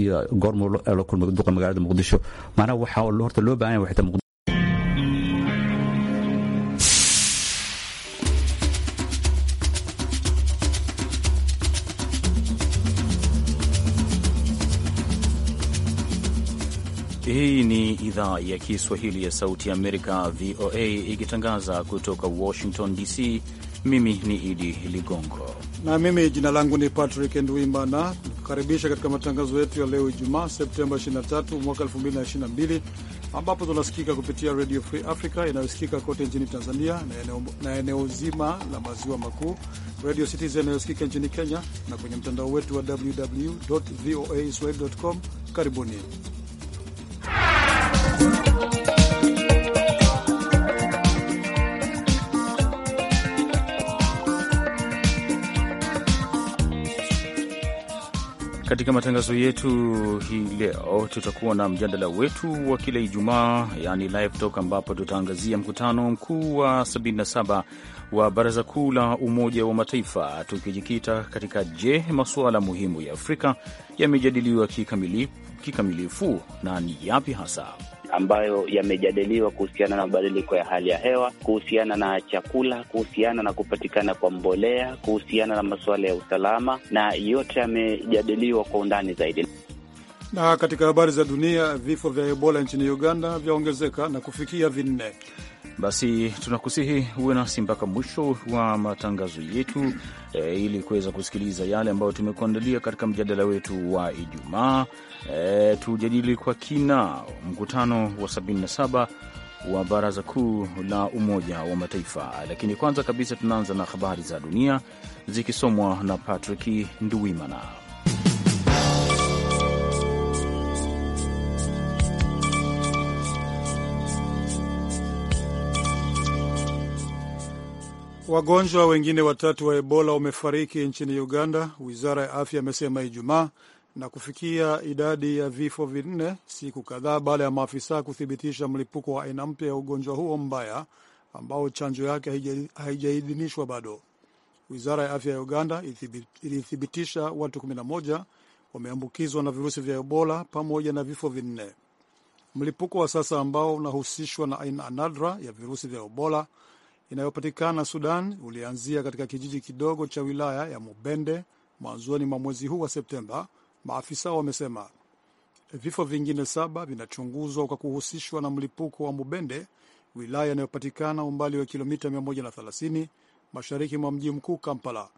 iyo goormuu la ee kulmay duqa magaalada muqdisho macnaha waxaa horta loo baahan yahay xitaa Hii ni idhaa ya Kiswahili ya Sauti Amerika, VOA, ikitangaza kutoka Washington DC. Mimi ni Idi Ligongo na mimi jina langu ni Patrick Ndwimana kukaribisha katika matangazo yetu ya leo Ijumaa, Septemba 23 mwaka 2022, ambapo tunasikika kupitia Radio Free Africa inayosikika kote nchini Tanzania na eneo, zima la maziwa makuu, Radio Citizen inayosikika nchini Kenya na kwenye mtandao wetu wa www voa swahili com. Karibuni. Katika matangazo yetu hii leo tutakuwa na mjadala wetu wa kila Ijumaa, yani live talk, ambapo tutaangazia mkutano mkuu wa 77 wa Baraza Kuu la Umoja wa Mataifa, tukijikita katika je, masuala muhimu ya Afrika yamejadiliwa kikamilifu na ni yapi hasa? ambayo yamejadiliwa kuhusiana na mabadiliko ya hali ya hewa, kuhusiana na chakula, kuhusiana na kupatikana kwa mbolea, kuhusiana na masuala ya usalama, na yote yamejadiliwa kwa undani zaidi. Na katika habari za dunia, vifo vya Ebola nchini Uganda vyaongezeka na kufikia vinne. Basi tunakusihi uwe nasi mpaka mwisho wa matangazo yetu e, ili kuweza kusikiliza yale ambayo tumekuandalia katika mjadala wetu wa Ijumaa. E, tujadili kwa kina mkutano wa 77 wa Baraza Kuu la Umoja wa Mataifa, lakini kwanza kabisa tunaanza na habari za dunia zikisomwa na Patrick Nduwimana. Wagonjwa wengine watatu wa Ebola wamefariki nchini Uganda, wizara ya afya amesema Ijumaa, na kufikia idadi ya vifo vinne, siku kadhaa baada ya maafisa kuthibitisha mlipuko wa aina mpya ya ugonjwa huo mbaya ambao chanjo yake haijaidhinishwa bado. Wizara ya afya ya Uganda ilithibitisha watu 11 wameambukizwa na virusi vya Ebola pamoja na vifo vinne. Mlipuko wa sasa ambao unahusishwa na aina nadra ya virusi vya Ebola inayopatikana Sudan ulianzia katika kijiji kidogo cha wilaya ya Mubende mwanzoni mwa mwezi huu wa Septemba, maafisa wamesema. Vifo vingine saba vinachunguzwa kwa kuhusishwa na mlipuko wa Mubende, wilaya inayopatikana umbali wa kilomita 130 mashariki mwa mji mkuu Kampala.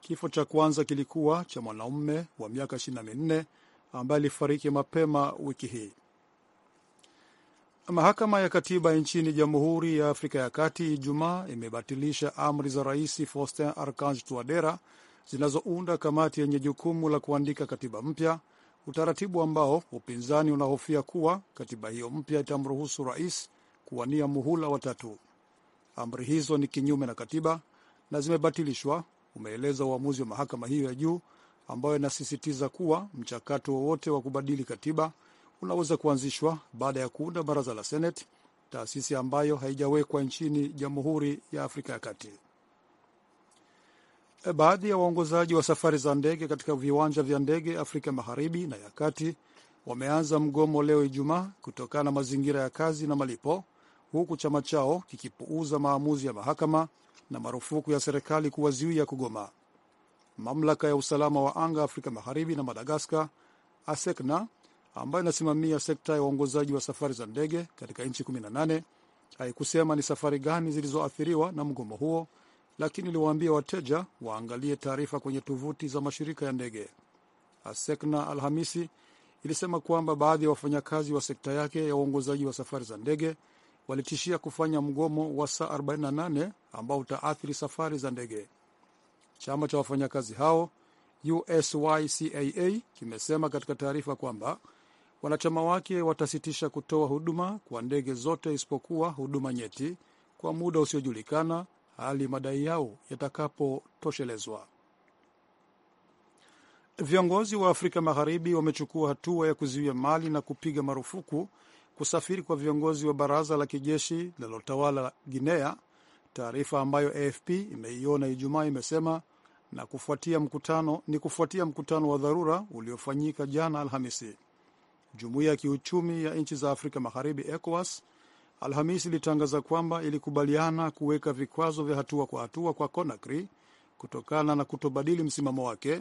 Kifo cha kwanza kilikuwa cha mwanaume wa miaka 24 ambaye alifariki mapema wiki hii. Mahakama ya Katiba nchini Jamhuri ya Afrika ya Kati Ijumaa imebatilisha amri za Rais Faustin Archange Touadera zinazounda kamati yenye jukumu la kuandika katiba mpya, utaratibu ambao upinzani unahofia kuwa katiba hiyo mpya itamruhusu rais kuwania muhula watatu. Amri hizo ni kinyume na katiba na zimebatilishwa, umeeleza uamuzi wa mahakama hiyo ya juu, ambayo inasisitiza kuwa mchakato wowote wa kubadili katiba unaweza kuanzishwa baada ya kuunda baraza la Seneti, taasisi ambayo haijawekwa nchini Jamhuri ya Afrika ya Kati. E, baadhi ya waongozaji wa safari za ndege katika viwanja vya ndege Afrika Magharibi na ya Kati wameanza mgomo leo Ijumaa kutokana na mazingira ya kazi na malipo, huku chama chao kikipuuza maamuzi ya mahakama na marufuku ya serikali kuwazuia kugoma. Mamlaka ya usalama wa anga Afrika Magharibi na Madagaskar, ASECNA, ambayo inasimamia sekta ya uongozaji wa safari za ndege katika nchi 18 haikusema ni safari gani zilizoathiriwa na mgomo huo, lakini iliwaambia wateja waangalie taarifa kwenye tovuti za mashirika ya ndege. Asekna Alhamisi ilisema kwamba baadhi ya wafanyakazi wa sekta yake ya uongozaji wa safari za ndege walitishia kufanya mgomo wa saa 48 ambao utaathiri safari za ndege. Chama cha wafanyakazi hao USYCAA kimesema katika taarifa kwamba wanachama wake watasitisha kutoa huduma kwa ndege zote isipokuwa huduma nyeti kwa muda usiojulikana hali madai yao yatakapotoshelezwa. Viongozi wa Afrika Magharibi wamechukua hatua ya kuzuia Mali na kupiga marufuku kusafiri kwa viongozi wa baraza la kijeshi linalotawala Guinea, taarifa ambayo AFP imeiona Ijumaa imesema na kufuatia mkutano, ni kufuatia mkutano wa dharura uliofanyika jana Alhamisi. Jumuiya ya Kiuchumi ya Nchi za Afrika Magharibi, ECOWAS, Alhamisi ilitangaza kwamba ilikubaliana kuweka vikwazo vya hatua kwa hatua kwa Conakry kutokana na kutobadili msimamo wake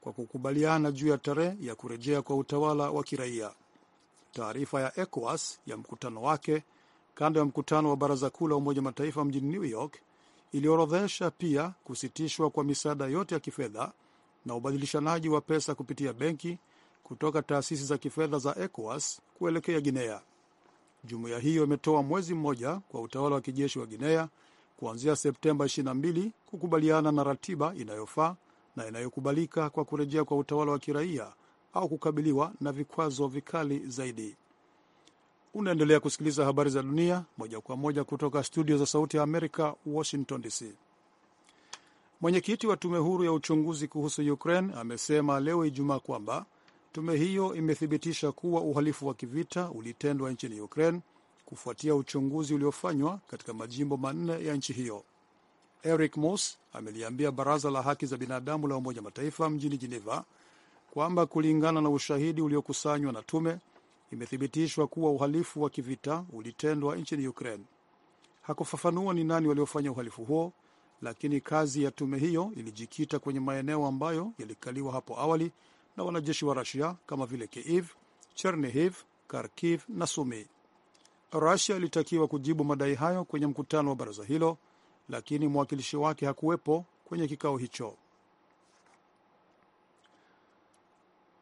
kwa kukubaliana juu ya tarehe ya kurejea kwa utawala wa kiraia. Taarifa ya ECOWAS ya mkutano wake kando ya mkutano wa Baraza Kuu la Umoja Mataifa mjini New York iliorodhesha pia kusitishwa kwa misaada yote ya kifedha na ubadilishanaji wa pesa kupitia benki kutoka taasisi za kifedha za ECOWAS kuelekea Guinea. Jumuiya hiyo imetoa mwezi mmoja kwa utawala wa kijeshi wa Guinea kuanzia Septemba 22 kukubaliana na ratiba inayofaa na inayokubalika kwa kurejea kwa utawala wa kiraia au kukabiliwa na vikwazo vikali zaidi. Unaendelea kusikiliza habari za dunia moja kwa moja kutoka studio za Sauti ya Amerika, Washington DC. Mwenyekiti wa tume huru ya uchunguzi kuhusu Ukraine amesema leo Ijumaa kwamba Tume hiyo imethibitisha kuwa uhalifu wa kivita ulitendwa nchini Ukraine kufuatia uchunguzi uliofanywa katika majimbo manne ya nchi hiyo. Eric Moss ameliambia baraza la haki za binadamu la Umoja Mataifa mjini Geneva kwamba kulingana na ushahidi uliokusanywa na tume, imethibitishwa kuwa uhalifu wa kivita ulitendwa nchini Ukraine. Hakufafanua ni nani waliofanya uhalifu huo, lakini kazi ya tume hiyo ilijikita kwenye maeneo ambayo yalikaliwa hapo awali na wanajeshi wa Rusia kama vile Kiev, Chernihiv, Kharkiv na Sumi. Rusia ilitakiwa kujibu madai hayo kwenye mkutano wa baraza hilo, lakini mwakilishi wake hakuwepo kwenye kikao hicho.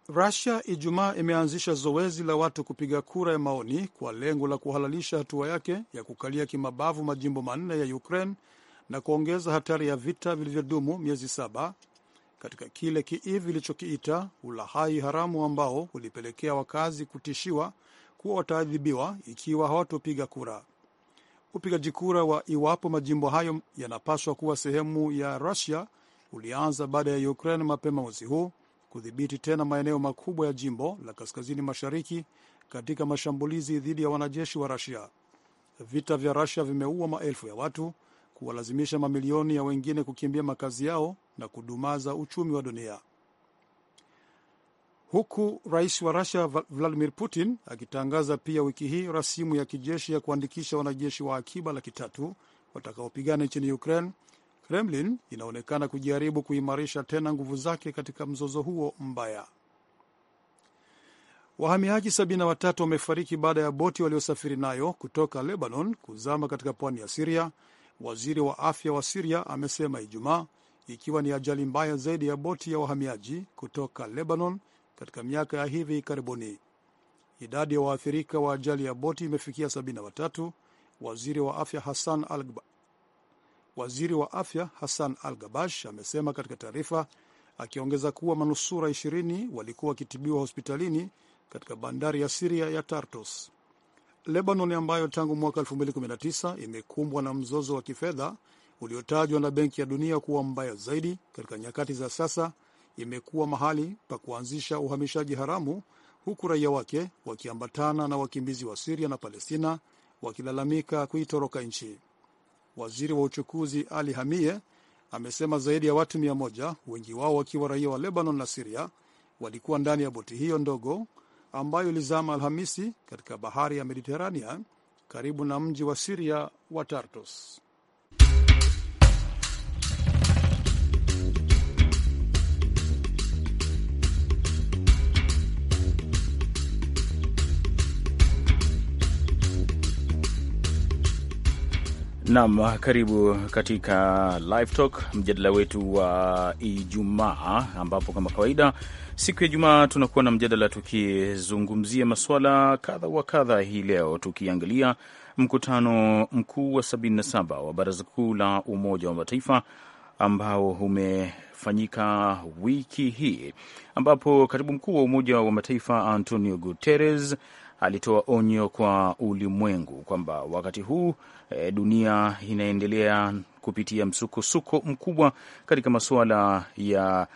Rusia Ijumaa imeanzisha zoezi la watu kupiga kura ya maoni kwa lengo la kuhalalisha hatua yake ya kukalia kimabavu majimbo manne ya Ukraine na kuongeza hatari ya vita vilivyodumu miezi saba katika kile Kiev ilichokiita ulahai haramu ambao ulipelekea wakazi kutishiwa kuwa wataadhibiwa ikiwa hawatopiga kura. Upigaji kura wa iwapo majimbo hayo yanapaswa kuwa sehemu ya Rusia ulianza baada ya Ukraine mapema mwezi huu kudhibiti tena maeneo makubwa ya jimbo la kaskazini mashariki katika mashambulizi dhidi ya wanajeshi wa Rusia. Vita vya Rusia vimeua maelfu ya watu, kuwalazimisha mamilioni ya wengine kukimbia makazi yao na kudumaza uchumi wa dunia. Huku rais wa Rusia Vladimir Putin akitangaza pia wiki hii rasimu ya kijeshi ya kuandikisha wanajeshi wa akiba laki tatu watakaopigana nchini Ukraine, Kremlin inaonekana kujaribu kuimarisha tena nguvu zake katika mzozo huo mbaya. Wahamiaji 73 wamefariki baada ya boti waliosafiri nayo kutoka Lebanon kuzama katika pwani ya Siria, waziri wa afya wa Siria amesema Ijumaa, ikiwa ni ajali mbaya zaidi ya boti ya wahamiaji kutoka Lebanon katika miaka ya hivi karibuni. Idadi ya waathirika wa ajali ya boti imefikia 73. Waziri wa afya Hassan al Waziri wa afya Hassan Al-Gabash amesema katika taarifa, akiongeza kuwa manusura 20 walikuwa wakitibiwa hospitalini katika bandari ya Siria ya Tartus. Lebanon ambayo tangu mwaka 2019 imekumbwa na mzozo wa kifedha uliotajwa na Benki ya Dunia kuwa mbaya zaidi katika nyakati za sasa, imekuwa mahali pa kuanzisha uhamishaji haramu, huku raia wake wakiambatana na wakimbizi wa Siria na Palestina wakilalamika kuitoroka nchi. Waziri wa uchukuzi Ali Hamie amesema zaidi ya watu mia moja, wengi wao wakiwa raia wa Lebanon na Siria, walikuwa ndani ya boti hiyo ndogo ambayo ilizama Alhamisi katika bahari ya Mediterania karibu na mji wa Siria wa Tartus. Nam, karibu katika Live Talk, mjadala wetu wa uh, Ijumaa, ambapo kama kawaida siku ya Ijumaa tunakuwa na mjadala tukizungumzia masuala kadha wa kadha. Hii leo tukiangalia mkutano mkuu wa 77 wa Baraza Kuu la Umoja wa Mataifa ambao umefanyika wiki hii, ambapo katibu mkuu wa Umoja wa Mataifa Antonio Guterres alitoa onyo kwa ulimwengu kwamba wakati huu e, dunia inaendelea kupitia msukosuko mkubwa katika masuala ya,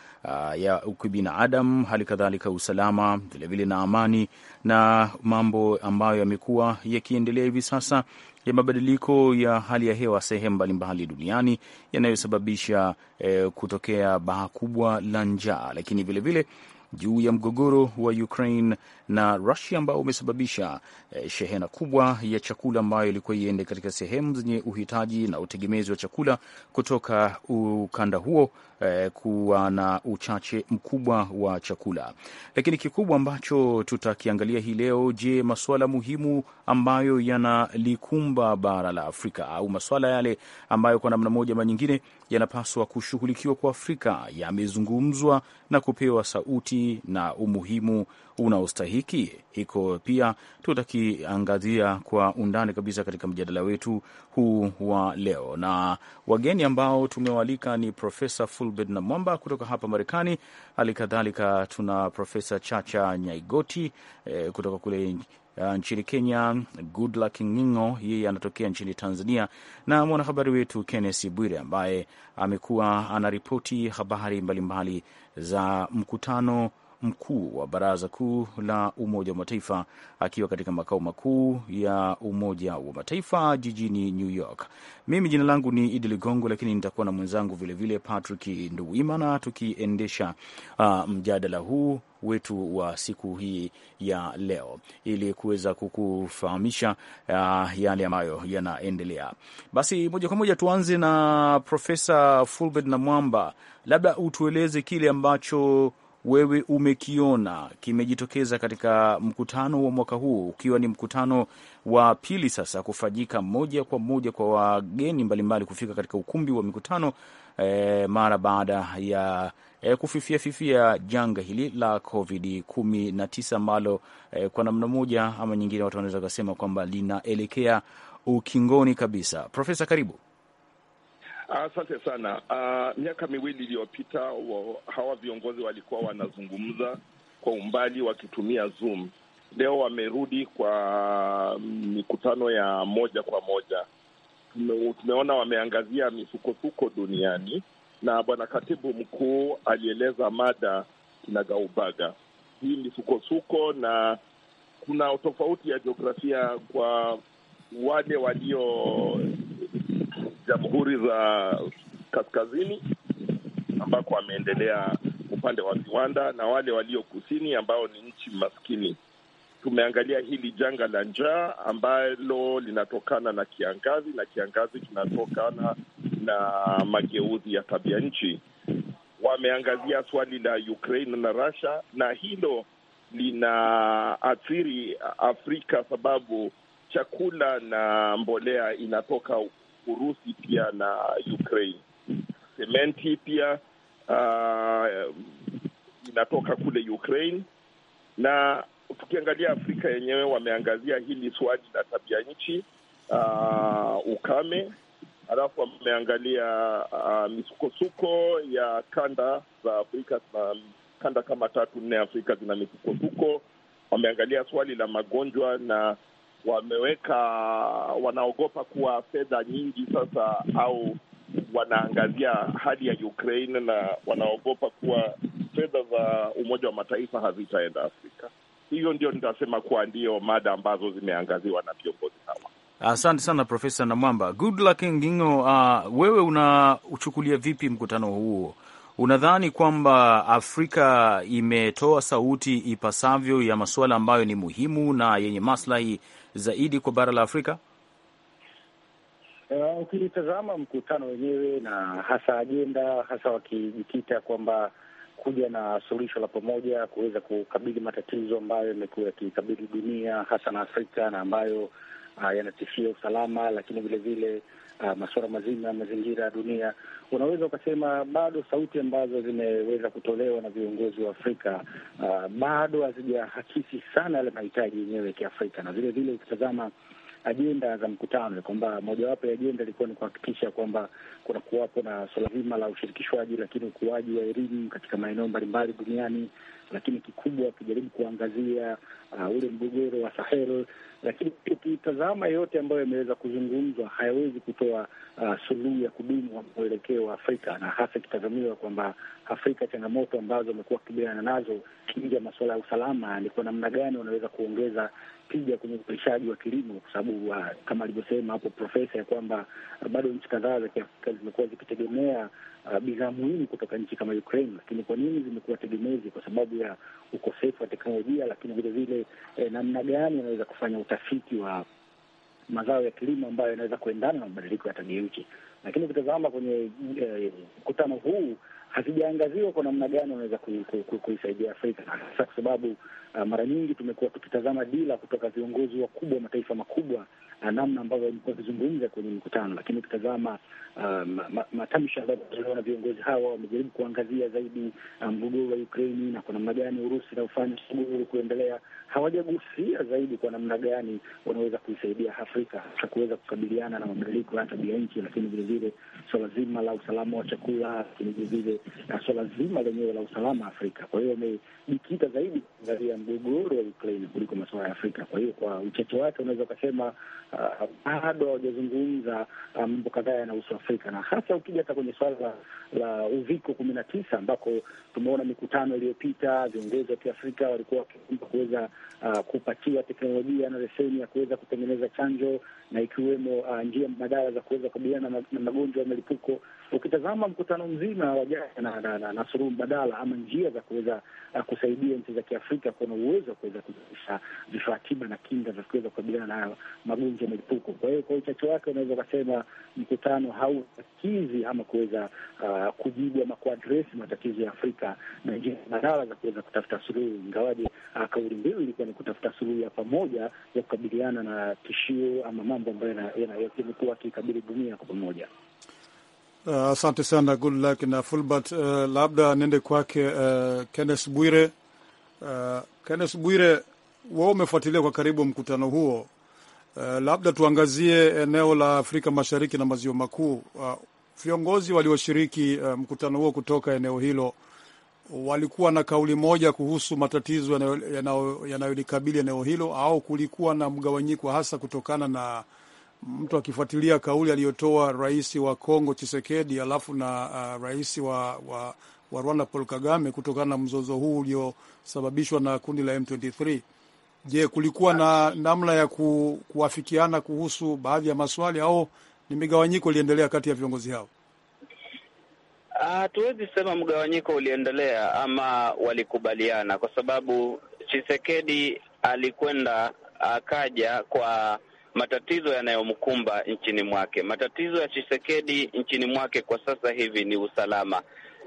ya kibinadamu, hali kadhalika usalama, vilevile na amani na mambo ambayo yamekuwa yakiendelea hivi sasa ya mabadiliko ya hali ya hewa sehemu mbalimbali duniani yanayosababisha e, kutokea baa kubwa la njaa, lakini vilevile vile, juu ya mgogoro wa Ukraine na Rusia ambao umesababisha eh, shehena kubwa ya chakula ambayo ilikuwa iende katika sehemu zenye uhitaji na utegemezi wa chakula kutoka ukanda huo eh, kuwa na uchache mkubwa wa chakula. Lakini kikubwa ambacho tutakiangalia hii leo, je, masuala muhimu ambayo yanalikumba bara la Afrika au masuala yale ambayo kwa namna moja ama nyingine yanapaswa kushughulikiwa kwa Afrika yamezungumzwa na kupewa sauti na umuhimu unaostahiki hiko pia tutakiangazia kwa undani kabisa katika mjadala wetu huu wa leo, na wageni ambao tumewaalika ni Profesa Fulbert Namwamba kutoka hapa Marekani. Hali kadhalika tuna Profesa Chacha Nyaigoti eh, kutoka kule eh, nchini Kenya, Goodluck Ngingo yeye anatokea nchini Tanzania, na mwanahabari wetu Kennes Bwire ambaye amekuwa anaripoti habari mbalimbali mbali za mkutano mkuu wa Baraza Kuu la Umoja wa Mataifa akiwa katika makao makuu ya Umoja wa Mataifa jijini New York. Mimi jina langu ni Idi Ligongo, lakini nitakuwa na mwenzangu vilevile Patrick Nduwimana tukiendesha uh, mjadala huu wetu wa siku hii ya leo ili kuweza kukufahamisha uh, yale ambayo yanaendelea. Basi moja kwa moja tuanze na Profesa Fulbert na Mwamba, labda utueleze kile ambacho wewe umekiona kimejitokeza katika mkutano wa mwaka huu, ukiwa ni mkutano wa pili sasa kufanyika moja kwa moja kwa wageni mbalimbali kufika katika ukumbi wa mikutano e, mara baada ya e, kufifia fifia janga hili la Covid 19 ambalo e, kwa namna moja ama nyingine watu wanaweza kusema kwamba linaelekea ukingoni kabisa. Profesa, karibu. Asante sana. Uh, miaka miwili iliyopita hawa viongozi walikuwa wanazungumza kwa umbali wakitumia Zoom. Leo wamerudi kwa mm, mikutano ya moja kwa moja. Tumeona wameangazia misukosuko duniani na bwana katibu mkuu alieleza mada kinagaubaga hii misukosuko, na kuna tofauti ya jiografia kwa wale walio jamhuri za kaskazini ambako ameendelea upande wa viwanda na wale walio kusini ambao ni nchi maskini. Tumeangalia hili janga la njaa ambalo linatokana na kiangazi na kiangazi kinatokana na mageuzi ya tabia nchi. Wameangazia swali la Ukraine na Russia na hilo linaathiri Afrika sababu chakula na mbolea inatoka Urusi pia na Ukraine. Sementi pia uh, inatoka kule Ukraine, na tukiangalia Afrika yenyewe wameangazia hili swali la tabia nchi uh, ukame, alafu wameangalia uh, misukosuko ya kanda za Afrika na um, kanda kama tatu nne Afrika zina misukosuko. Wameangalia swali la magonjwa na wameweka, wanaogopa kuwa fedha nyingi sasa, au wanaangazia hali ya Ukraine na wanaogopa kuwa fedha za Umoja wa Mataifa hazitaenda Afrika. Hiyo ndio nitasema kuwa ndio mada ambazo zimeangaziwa na viongozi hawa. Asante sana Profesa Namwamba. Good luck Ngingo. Uh, wewe unauchukulia vipi mkutano huo? Unadhani kwamba Afrika imetoa sauti ipasavyo ya masuala ambayo ni muhimu na yenye maslahi zaidi kwa bara la Afrika? Uh, eh, ukilitazama mkutano wenyewe na hasa ajenda hasa wakijikita kwamba kuja na suluhisho la pamoja kuweza kukabili matatizo ambayo yamekuwa yakikabili dunia hasa na Afrika na ambayo uh, ah, yanatishia usalama, lakini vilevile uh, masuala mazima ya mazingira ya dunia, unaweza ukasema bado sauti ambazo zimeweza kutolewa na viongozi wa Afrika uh, bado hazijahakisi sana yale mahitaji yenyewe ya Kiafrika, na vilevile ukitazama ajenda za mkutano ni kwamba mojawapo ya ajenda ilikuwa ni kuhakikisha kwamba kuna kuwapo na suala zima la ushirikishwaji, lakini ukuaji wa elimu katika maeneo mbalimbali duniani lakini kikubwa tujaribu kuangazia uh, ule mgogoro wa Sahel, lakini ukitazama yote ambayo yameweza kuzungumzwa hayawezi kutoa uh, suluhu ya kudumu wa mwelekeo wa Afrika, na hasa ikitazamiwa kwamba Afrika changamoto ambazo wamekuwa wakikabiliana nazo kingi ya masuala ya usalama, ni kwa namna gani wanaweza kuongeza tija kwenye uzalishaji wa kilimo, kwa sababu uh, kama alivyosema hapo profesa ya kwamba uh, bado nchi kadhaa za Kiafrika zimekuwa zikitegemea uh, bidhaa muhimu kutoka nchi kama Ukraine. Lakini kwa nini zimekuwa tegemezi? Kwa sababu ya ukosefu wa teknolojia, lakini vilevile eh, namna gani anaweza kufanya utafiti wa mazao ya kilimo ambayo yanaweza kuendana na mabadiliko ya tabia nchi. Lakini ukitazama kwenye eh, mkutano eh, huu hazijaangaziwa kwa namna gani wanaweza kuisaidia Afrika hasa kwa sababu uh, mara nyingi tumekuwa tukitazama dira kutoka viongozi wakubwa wa mataifa makubwa na namna ambavyo walikuwa wakizungumza kwenye mkutano, lakini ukitazama um, matamshi ambayo ametolewa na viongozi hawa, wamejaribu kuangazia zaidi um, mgogoro wa Ukraini na kwa namna gani Urusi inaofanya shughuli kuendelea. Hawajagusia zaidi kwa namna gani wanaweza kuisaidia Afrika hasa kuweza kukabiliana na mabadiliko ya tabia nchi, lakini vilevile swala so zima la usalama wa chakula, lakini vilevile swala so zima lenyewe la usalama Afrika. Kwa hiyo wamejikita zaidi kuangazia mgogoro wa Ukraini kuliko masuala ya Afrika. Kwa hiyo kwa uchache wake unaweza ukasema Uh, bado uh, hawajazungumza mambo um, kadhaa yanahusu Afrika na hasa ukija hata kwenye suala la, la uviko kumi na tisa ambako tumeona mikutano iliyopita viongozi wa Kiafrika walikuwa wakiomba kuweza uh, kupatiwa teknolojia na leseni ya kuweza kutengeneza chanjo na ikiwemo uh, njia mbadala za kuweza kukabiliana na magonjwa ya milipuko Ukitazama mkutano mzima wa jana na, na, na, na suluhu mbadala ama njia za kuweza uh, kusaidia nchi za Kiafrika kuna uwezo wa kuweza kuzalisha vifaa tiba na kinga za kuweza kukabiliana na magonjwa ya milipuko. Kwa hiyo kwa uchache wake unaweza ukasema mkutano hauakizi ama kuweza uh, kujibu ama kuadresi matatizo ya Afrika na njia mbadala za kuweza kutafuta suluhu, ingawaje uh, kauli mbiu ilikuwa ni kutafuta suluhu ya pamoja ya kukabiliana na tishio ama mambo ambayo yamekuwa akikabili dunia kwa pamoja. Uh, asante uh, sana good luck na Fulbert. Uh, labda niende kwake uh, Kenneth Bwire. Uh, Kenneth Bwire, wewe umefuatilia kwa karibu mkutano huo. Uh, labda tuangazie eneo la Afrika Mashariki na Maziwa Makuu. Uh, viongozi walioshiriki uh, mkutano huo kutoka eneo hilo walikuwa na kauli moja kuhusu matatizo yanayolikabili eneo hilo, au kulikuwa na mgawanyiko hasa kutokana na mtu akifuatilia kauli aliyotoa rais wa Kongo Chisekedi alafu na uh, rais wa, wa, wa Rwanda Paul Kagame kutokana na mzozo huu uliosababishwa na kundi la M23. Je, kulikuwa na namna ya ku, kuafikiana kuhusu baadhi ya maswali au ni migawanyiko iliendelea kati ya viongozi hao? Hatuwezi ah, uh, sema mgawanyiko uliendelea ama walikubaliana, kwa sababu Chisekedi alikwenda akaja kwa matatizo yanayomkumba nchini mwake. Matatizo ya chisekedi nchini mwake kwa sasa hivi ni usalama,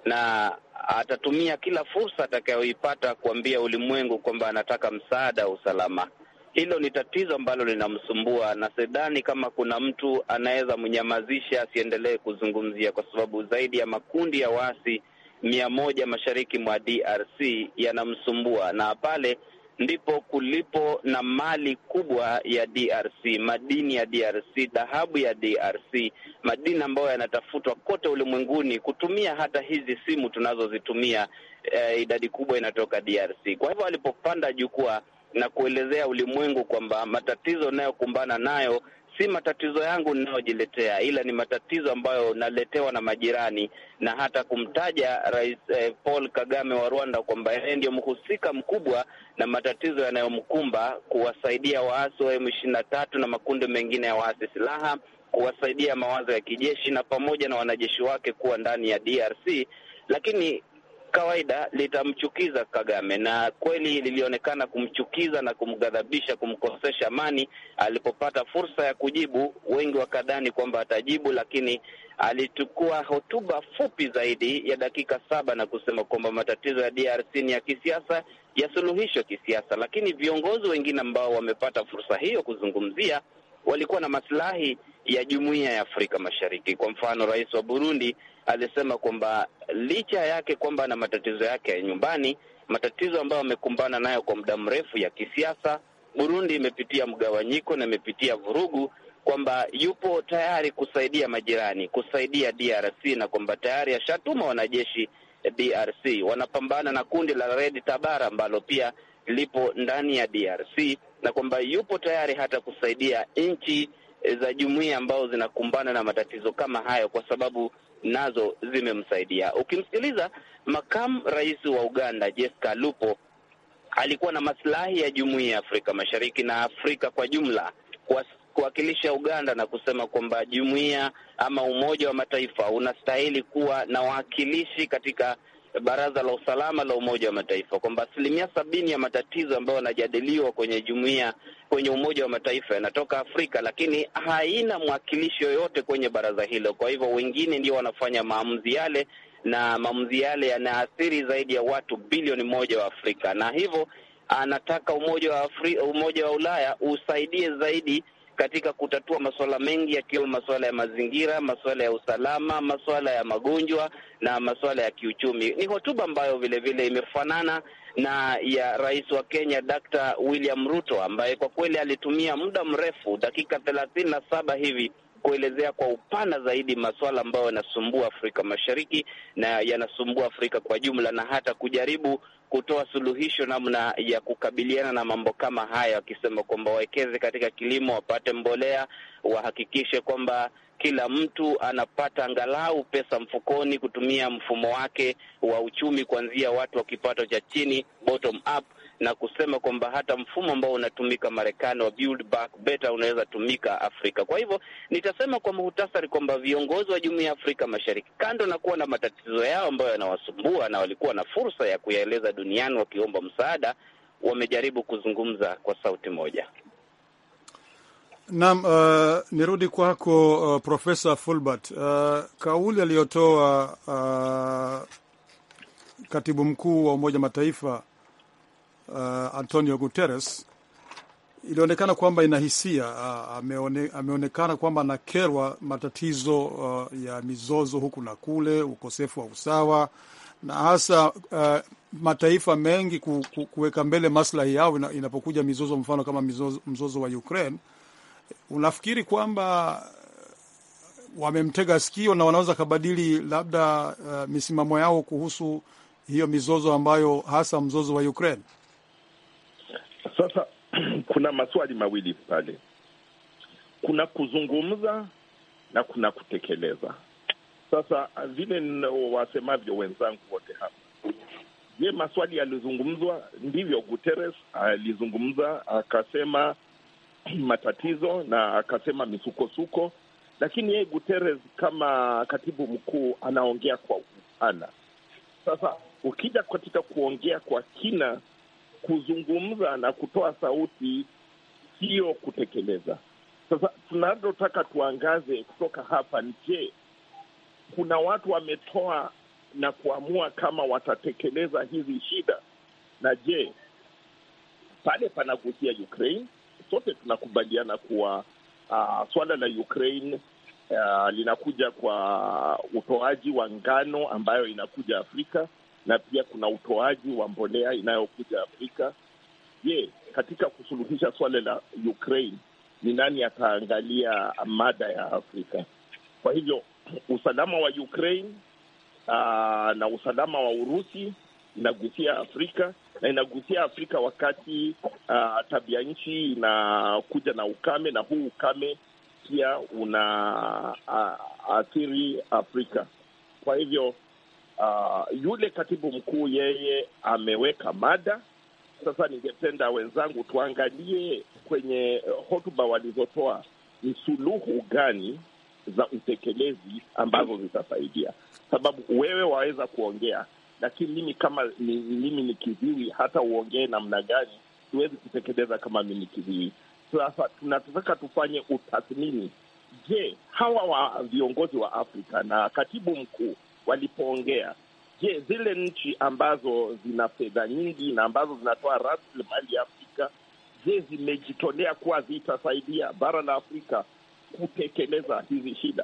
na atatumia kila fursa atakayoipata kuambia ulimwengu kwamba anataka msaada wa usalama. Hilo ni tatizo ambalo linamsumbua, na sidhani kama kuna mtu anaweza mnyamazisha asiendelee kuzungumzia, kwa sababu zaidi ya makundi ya waasi mia moja mashariki mwa DRC yanamsumbua na pale ndipo kulipo na mali kubwa ya DRC, madini ya DRC, dhahabu ya DRC, madini ambayo yanatafutwa kote ulimwenguni kutumia hata hizi simu tunazozitumia. Eh, idadi kubwa inatoka DRC. Kwa hivyo alipopanda jukwaa na kuelezea ulimwengu kwamba matatizo kumbana nayo si matatizo yangu ninayojiletea, ila ni matatizo ambayo naletewa na majirani, na hata kumtaja Rais eh, Paul Kagame wa Rwanda kwamba yeye ndiyo mhusika mkubwa na matatizo yanayomkumba, kuwasaidia waasi wa m tatu na makundi mengine ya waasi silaha, kuwasaidia mawazo ya kijeshi na pamoja na wanajeshi wake kuwa ndani ya DRC, lakini kawaida litamchukiza Kagame, na kweli lilionekana kumchukiza na kumghadhabisha, kumkosesha amani. Alipopata fursa ya kujibu, wengi wakadhani kwamba atajibu, lakini alichukua hotuba fupi zaidi ya dakika saba na kusema kwamba matatizo ya DRC ni ya kisiasa, yasuluhishwe kisiasa. Lakini viongozi wengine ambao wamepata fursa hiyo kuzungumzia walikuwa na maslahi ya jumuiya ya Afrika Mashariki. Kwa mfano, rais wa Burundi alisema kwamba licha yake kwamba ana matatizo yake ya nyumbani, matatizo ambayo amekumbana nayo kwa muda mrefu ya kisiasa, Burundi imepitia mgawanyiko na imepitia vurugu, kwamba yupo tayari kusaidia majirani, kusaidia DRC na kwamba tayari ashatuma wanajeshi DRC wanapambana na kundi la Red Tabara ambalo pia lipo ndani ya DRC na kwamba yupo tayari hata kusaidia nchi eh, za jumuiya ambazo zinakumbana na matatizo kama hayo, kwa sababu nazo zimemsaidia. Ukimsikiliza makamu rais wa Uganda Jessica Lupo alikuwa na maslahi ya jumuiya ya Afrika Mashariki na Afrika kwa jumla kwa kuwakilisha Uganda na kusema kwamba jumuiya ama Umoja wa Mataifa unastahili kuwa na wawakilishi katika baraza la usalama la Umoja wa Mataifa kwamba asilimia sabini ya matatizo ambayo yanajadiliwa kwenye jumuiya kwenye Umoja wa Mataifa yanatoka Afrika, lakini haina mwakilishi yoyote kwenye baraza hilo. Kwa hivyo wengine ndio wanafanya maamuzi yale, na maamuzi yale yanaathiri zaidi ya watu bilioni moja wa Afrika, na hivyo anataka Umoja wa Afri, Umoja wa Ulaya usaidie zaidi katika kutatua masuala mengi yakiwemo masuala ya mazingira, masuala ya usalama, masuala ya magonjwa na masuala ya kiuchumi. Ni hotuba ambayo vilevile imefanana na ya rais wa Kenya Dr. William Ruto ambaye kwa kweli alitumia muda mrefu, dakika thelathini na saba hivi kuelezea kwa upana zaidi masuala ambayo yanasumbua Afrika Mashariki na yanasumbua Afrika kwa jumla na hata kujaribu kutoa suluhisho namna ya kukabiliana na mambo kama haya, wakisema kwamba wawekeze katika kilimo, wapate mbolea, wahakikishe kwamba kila mtu anapata angalau pesa mfukoni kutumia mfumo wake wa uchumi, kuanzia watu wa kipato cha chini, bottom up na kusema kwamba hata mfumo ambao unatumika Marekani wa build back better unaweza tumika Afrika. Kwa hivyo nitasema kwa muhtasari kwamba viongozi wa Jumuiya ya Afrika Mashariki, kando na kuwa na matatizo yao ambayo yanawasumbua na walikuwa na fursa ya kuyaeleza duniani wakiomba msaada, wamejaribu kuzungumza kwa sauti moja. Naam, uh, nirudi kwako uh, Profesa Fulbert. Uh, kauli aliyotoa uh, katibu mkuu wa Umoja Mataifa uh, Antonio Guterres ilionekana kwamba ina hisia uh, ameone, ameonekana kwamba anakerwa matatizo uh, ya mizozo huku na kule, ukosefu wa usawa na hasa uh, mataifa mengi ku, ku, kuweka mbele maslahi yao ina, inapokuja mizozo, mfano kama mizozo, mzozo wa Ukraine. Unafikiri kwamba wamemtega sikio na wanaweza kabadili labda uh, misimamo yao kuhusu hiyo mizozo ambayo hasa mzozo wa Ukraine? Sasa kuna maswali mawili pale, kuna kuzungumza na kuna kutekeleza. Sasa vile wasemavyo wenzangu wote hapa, je, maswali yalizungumzwa? Ndivyo, Guterres alizungumza akasema matatizo na akasema misukosuko, lakini yeye Guterres kama katibu mkuu anaongea kwa upana. Sasa ukija katika kuongea kwa kina kuzungumza na kutoa sauti, sio kutekeleza. Sasa tunalotaka tuangaze kutoka hapa ni je, kuna watu wametoa na kuamua kama watatekeleza hizi shida? Na je, pale panagusia Ukraine, sote tunakubaliana kuwa uh, swala la Ukraine uh, linakuja kwa utoaji wa ngano ambayo inakuja Afrika na pia kuna utoaji wa mbolea inayokuja Afrika. Je, katika kusuluhisha swala la Ukraine ni nani ataangalia mada ya Afrika? Kwa hivyo usalama wa Ukraine aa, na usalama wa Urusi inagusia Afrika na inagusia Afrika wakati tabia nchi inakuja na ukame, na huu ukame pia una athiri Afrika. Kwa hivyo Uh, yule katibu mkuu yeye ameweka mada. Sasa ningependa wenzangu tuangalie kwenye uh, hotuba walizotoa ni suluhu gani za utekelezi ambazo zitasaidia, sababu wewe waweza kuongea, lakini mimi kama mimi ni kiziwi, hata uongee namna gani siwezi kutekeleza kama mimi kiziwi. Sasa tunataka tufanye utathmini. Je, hawa wa viongozi wa Afrika na katibu mkuu walipoongea. Je, zile nchi ambazo zina fedha nyingi na ambazo zinatoa rasilimali ya Afrika, je, zimejitolea kuwa zitasaidia bara la Afrika kutekeleza hizi shida?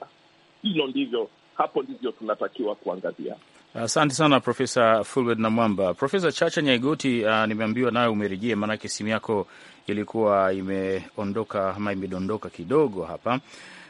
Hilo ndivyo, hapo ndivyo tunatakiwa kuangazia. Asante uh, sana Profesa Fulbert na Mwamba. Profesa Chacha Nyaigoti, uh, nimeambiwa nayo umerejea, maanake simu yako ilikuwa imeondoka ama imedondoka kidogo hapa.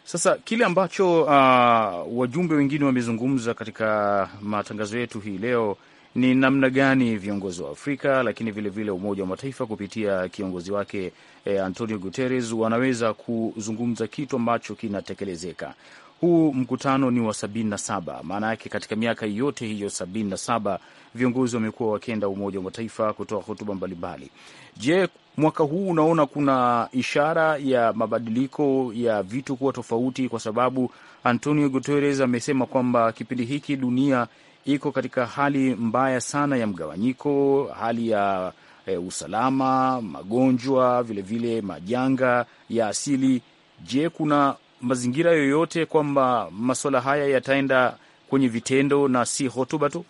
Sasa kile ambacho uh, wajumbe wengine wamezungumza katika matangazo yetu hii leo ni namna gani viongozi wa Afrika lakini vilevile vile Umoja wa Mataifa kupitia kiongozi wake eh, Antonio Guterres wanaweza kuzungumza kitu ambacho kinatekelezeka. Huu mkutano ni wa sabini na saba. Maana yake katika miaka yote hiyo sabini na saba viongozi wamekuwa wakienda Umoja wa Mataifa kutoa hotuba mbalimbali. Je, mwaka huu unaona kuna ishara ya mabadiliko ya vitu kuwa tofauti, kwa sababu Antonio Guterres amesema kwamba kipindi hiki dunia iko katika hali mbaya sana ya mgawanyiko, hali ya e, usalama, magonjwa, vilevile vile majanga ya asili. Je, kuna mazingira yoyote kwamba masuala haya yataenda kwenye vitendo na si hotuba tu?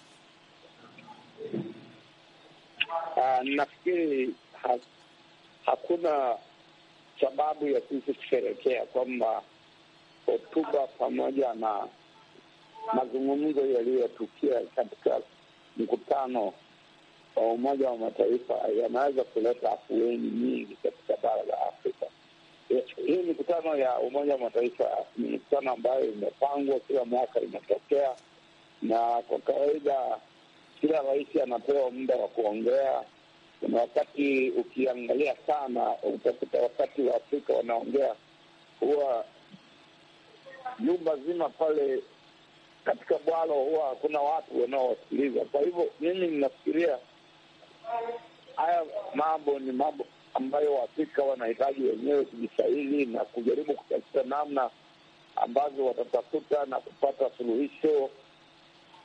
Uh, nafikiri hakuna sababu ya sisi kusherekea kwamba hotuba pamoja na mazungumzo yaliyotukia katika mkutano wa Umoja wa Mataifa yanaweza kuleta afueni nyingi katika bara la Afrika. Hii mikutano ya Umoja wa Mataifa ni mikutano ambayo imepangwa kila mwaka, imetokea na kwa kawaida kila rais anapewa muda wa kuongea kuna wakati ukiangalia sana, utakuta wakati wa Afrika wanaongea huwa nyumba zima pale katika bwalo huwa hakuna watu wanaowasikiliza. Kwa hivyo mimi ninafikiria haya mambo ni mambo ambayo Waafrika wanahitaji wenyewe kujisahili na kujaribu kutafuta namna ambazo watatafuta na kupata suluhisho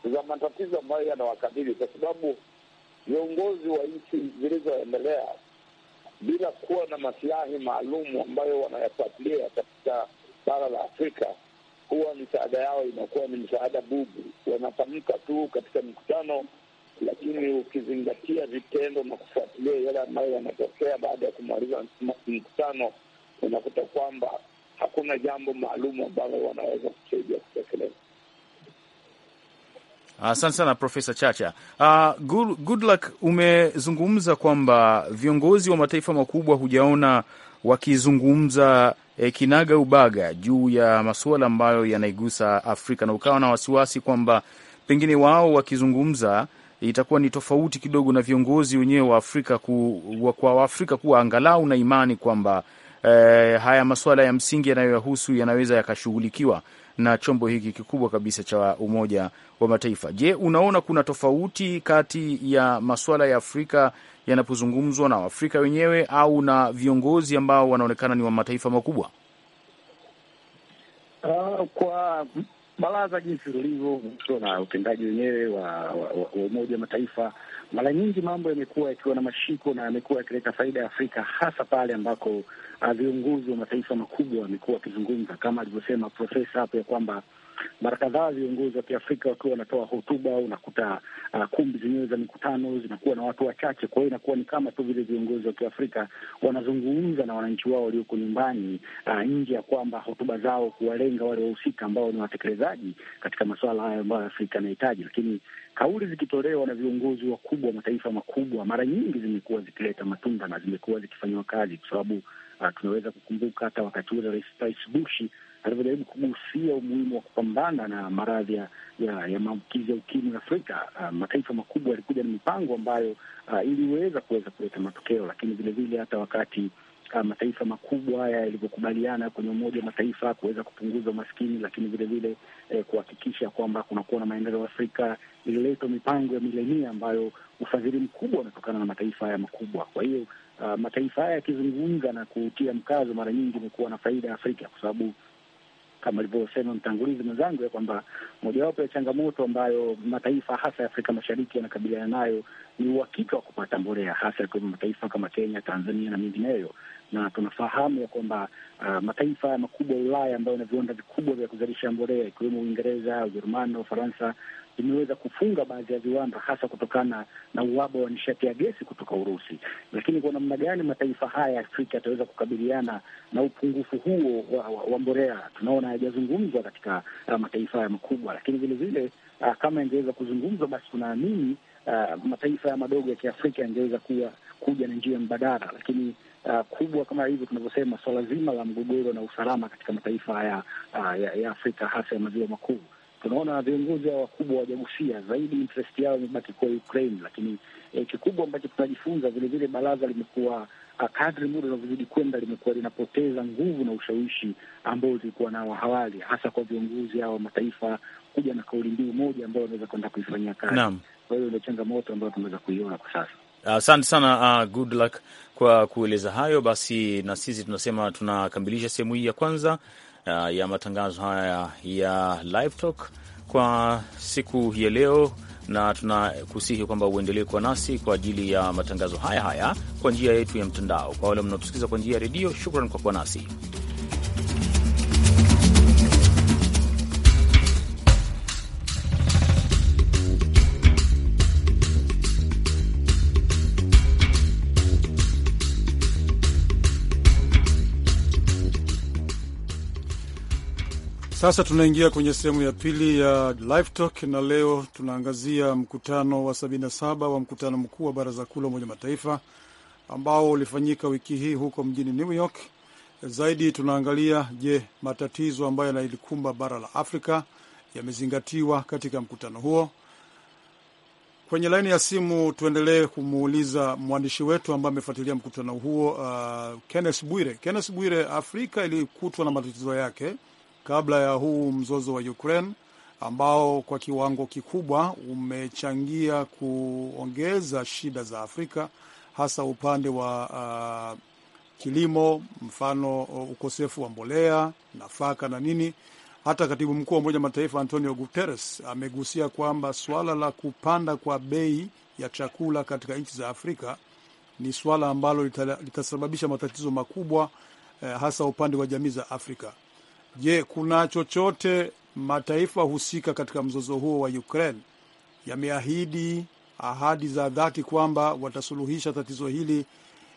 za matatizo ambayo yanawakabili, kwa sababu viongozi wa nchi zilizoendelea bila kuwa na masilahi maalum ambayo wanayafuatilia katika bara la Afrika, huwa misaada yao inakuwa ni msaada bubu. Wanatamka tu katika mikutano, lakini ukizingatia vitendo na kufuatilia yale ambayo yanatokea baada ya kumaliza mkutano, unakuta kwamba hakuna jambo maalum ambalo wanaweza kusaidia kutekeleza. Asante sana Profesa Chacha. Uh, ah, good, good luck. Umezungumza kwamba viongozi wa mataifa makubwa hujaona wakizungumza eh, kinaga ubaga juu ya masuala ambayo yanaigusa Afrika na ukawa na wasiwasi kwamba pengine wao wakizungumza itakuwa ni tofauti kidogo na viongozi wenyewe wa Afrika ku, wa, kwa Waafrika kuwa angalau na imani kwamba eh, haya masuala ya msingi yanayoyahusu yanaweza yakashughulikiwa na chombo hiki kikubwa kabisa cha Umoja wa Mataifa. Je, unaona kuna tofauti kati ya masuala ya Afrika yanapozungumzwa na Waafrika wenyewe au na viongozi ambao wanaonekana ni wa mataifa makubwa? Uh, kwa baraza jinsi lilivyo na utendaji wenyewe wa, wa, wa Umoja wa Mataifa mara nyingi mambo yamekuwa yakiwa na mashiko na yamekuwa yakileta faida ya Afrika, hasa pale ambako ah, viongozi wa mataifa makubwa wamekuwa wakizungumza, kama alivyosema Profesa hapo ya kwamba mara kadhaa viongozi wa Kiafrika wakiwa wanatoa hotuba, unakuta uh, kumbi zenyewe za mikutano zinakuwa na watu wachache. Kwa hiyo inakuwa ni kama tu vile viongozi wa Kiafrika wanazungumza na wananchi wao walioko nyumbani, uh, nje ya kwamba hotuba zao kuwalenga wale wahusika ambao ni watekelezaji katika masuala hayo ambayo Afrika anahitaji. lakini kauli zikitolewa na viongozi wakubwa wa mataifa makubwa mara nyingi zimekuwa zikileta matunda na zimekuwa zikifanyiwa kazi, kwa sababu uh, tunaweza kukumbuka hata wakati ule Rais Bush alivyojaribu kugusia umuhimu wa kupambana na maradhi ya, ya maambukizi ya ukimwi Afrika. Uh, mataifa makubwa yalikuja na mipango ambayo uh, iliweza kuweza kuleta matokeo, lakini vilevile hata wakati Uh, mataifa makubwa haya yalivyokubaliana kwenye Umoja wa Mataifa kuweza kupunguza umaskini, lakini vilevile eh, kuhakikisha kwamba kunakuwa na maendeleo Afrika, ililetwa mipango ya milenia ambayo ufadhili mkubwa unatokana na mataifa haya makubwa. Kwa hiyo uh, mataifa haya yakizungumza na kutia mkazo, mara nyingi imekuwa na faida ya Afrika kwa sababu kama alivyosema mtangulizi mwenzangu ya kwamba mojawapo ya changamoto ambayo mataifa hasa ya Afrika Mashariki yanakabiliana nayo ni uhakika wa kupata mbolea, hasa kwenye mataifa kama Kenya, Tanzania na mengineyo, na tunafahamu ya kwamba uh, mataifa makubwa ya Ulaya ambayo yana viwanda vikubwa vya kuzalisha mbolea ikiwemo Uingereza, Ujerumani na Ufaransa imeweza kufunga baadhi ya viwanda hasa kutokana na uhaba wa nishati ya gesi kutoka Urusi. Lakini kwa namna gani mataifa haya ya Afrika yataweza kukabiliana na upungufu huo wa, wa, wa mbolea? Tunaona hayajazungumzwa katika uh, mataifa haya makubwa, lakini vilevile uh, kama ingeweza kuzungumzwa, basi tunaamini uh, mataifa ya madogo ya Kiafrika yangeweza kuwa kuja na njia mbadala, lakini uh, kubwa kama hivyo tunavyosema, swala zima la mgogoro na usalama katika mataifa ya, uh, ya, ya Afrika hasa ya maziwa makuu tunaona viongozi hao wakubwa wajagusia zaidi, interest yao imebaki kuwa Ukraine. Lakini eh, kikubwa ambacho tunajifunza vilevile, baraza limekuwa uh, kadri muda unavyozidi kwenda limekuwa linapoteza nguvu na ushawishi ambao zilikuwa nao awali, hasa kwa viongozi hao wa mataifa kuja na kauli mbiu moja ambayo wanaweza kwenda kuifanyia kazi. Kwa hiyo ndio changamoto ambayo tunaweza kuiona kwa sasa. Asante uh, sana uh, good luck kwa kueleza hayo. Basi na sisi tunasema tunakamilisha sehemu hii ya kwanza uh, ya matangazo haya ya Live Talk kwa siku ya leo, na tunakusihi kwamba uendelee kuwa nasi kwa ajili ya matangazo haya haya kwa njia yetu ya mtandao. Kwa wale mnaotusikiza kwa njia ya redio, shukran kwa kuwa nasi. Sasa tunaingia kwenye sehemu ya pili ya Live Talk na leo tunaangazia mkutano wa 77 wa mkutano mkuu wa baraza kuu la Umoja Mataifa ambao ulifanyika wiki hii huko mjini New York. Zaidi tunaangalia, je, matatizo ambayo yanalikumba bara la Afrika yamezingatiwa katika mkutano huo? Kwenye laini ya simu tuendelee kumuuliza mwandishi wetu ambaye amefuatilia mkutano huo, uh, Kenneth Bwire. Kenneth Bwire, Afrika ilikutwa na matatizo yake kabla ya huu mzozo wa Ukraine ambao kwa kiwango kikubwa umechangia kuongeza shida za Afrika hasa upande wa uh, kilimo, mfano uh, ukosefu wa mbolea, nafaka na nini. Hata katibu mkuu wa Umoja Mataifa Antonio Guterres amegusia kwamba swala la kupanda kwa bei ya chakula katika nchi za Afrika ni swala ambalo litasababisha matatizo makubwa eh, hasa upande wa jamii za Afrika. Je, kuna chochote mataifa husika katika mzozo huo wa Ukraine yameahidi ahadi za dhati kwamba watasuluhisha tatizo hili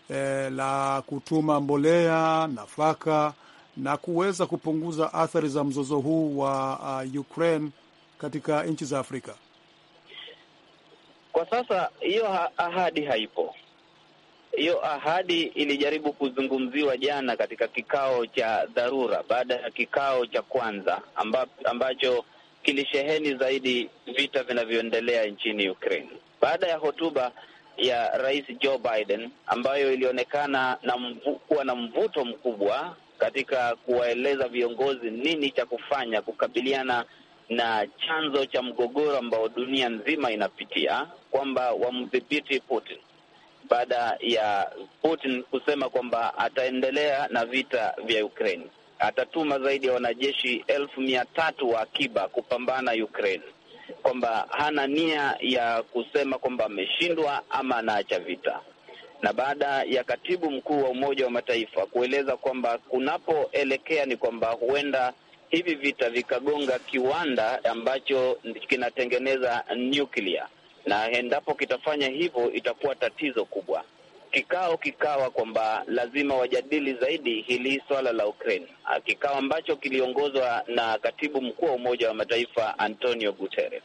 e, la kutuma mbolea, nafaka na kuweza kupunguza athari za mzozo huu wa uh, Ukraine katika nchi za Afrika? Kwa sasa hiyo ahadi haipo hiyo ahadi ilijaribu kuzungumziwa jana katika kikao cha dharura baada ya kikao cha kwanza amba, ambacho kilisheheni zaidi vita vinavyoendelea nchini Ukraine. Baada ya hotuba ya Rais Joe Biden ambayo ilionekana na mvu, kuwa na mvuto mkubwa katika kuwaeleza viongozi nini cha kufanya kukabiliana na chanzo cha mgogoro ambao dunia nzima inapitia, kwamba wamdhibiti Putin baada ya Putin kusema kwamba ataendelea na vita vya Ukraine, atatuma zaidi ya wanajeshi elfu mia tatu wa akiba kupambana Ukraine, kwamba hana nia ya kusema kwamba ameshindwa ama anaacha vita na baada ya katibu mkuu wa Umoja wa Mataifa kueleza kwamba kunapoelekea ni kwamba huenda hivi vita vikagonga kiwanda ambacho kinatengeneza nuklia na endapo kitafanya hivyo itakuwa tatizo kubwa. Kikao kikawa kwamba lazima wajadili zaidi hili swala la Ukraine, kikao ambacho kiliongozwa na katibu mkuu wa Umoja wa Mataifa Antonio Guterres.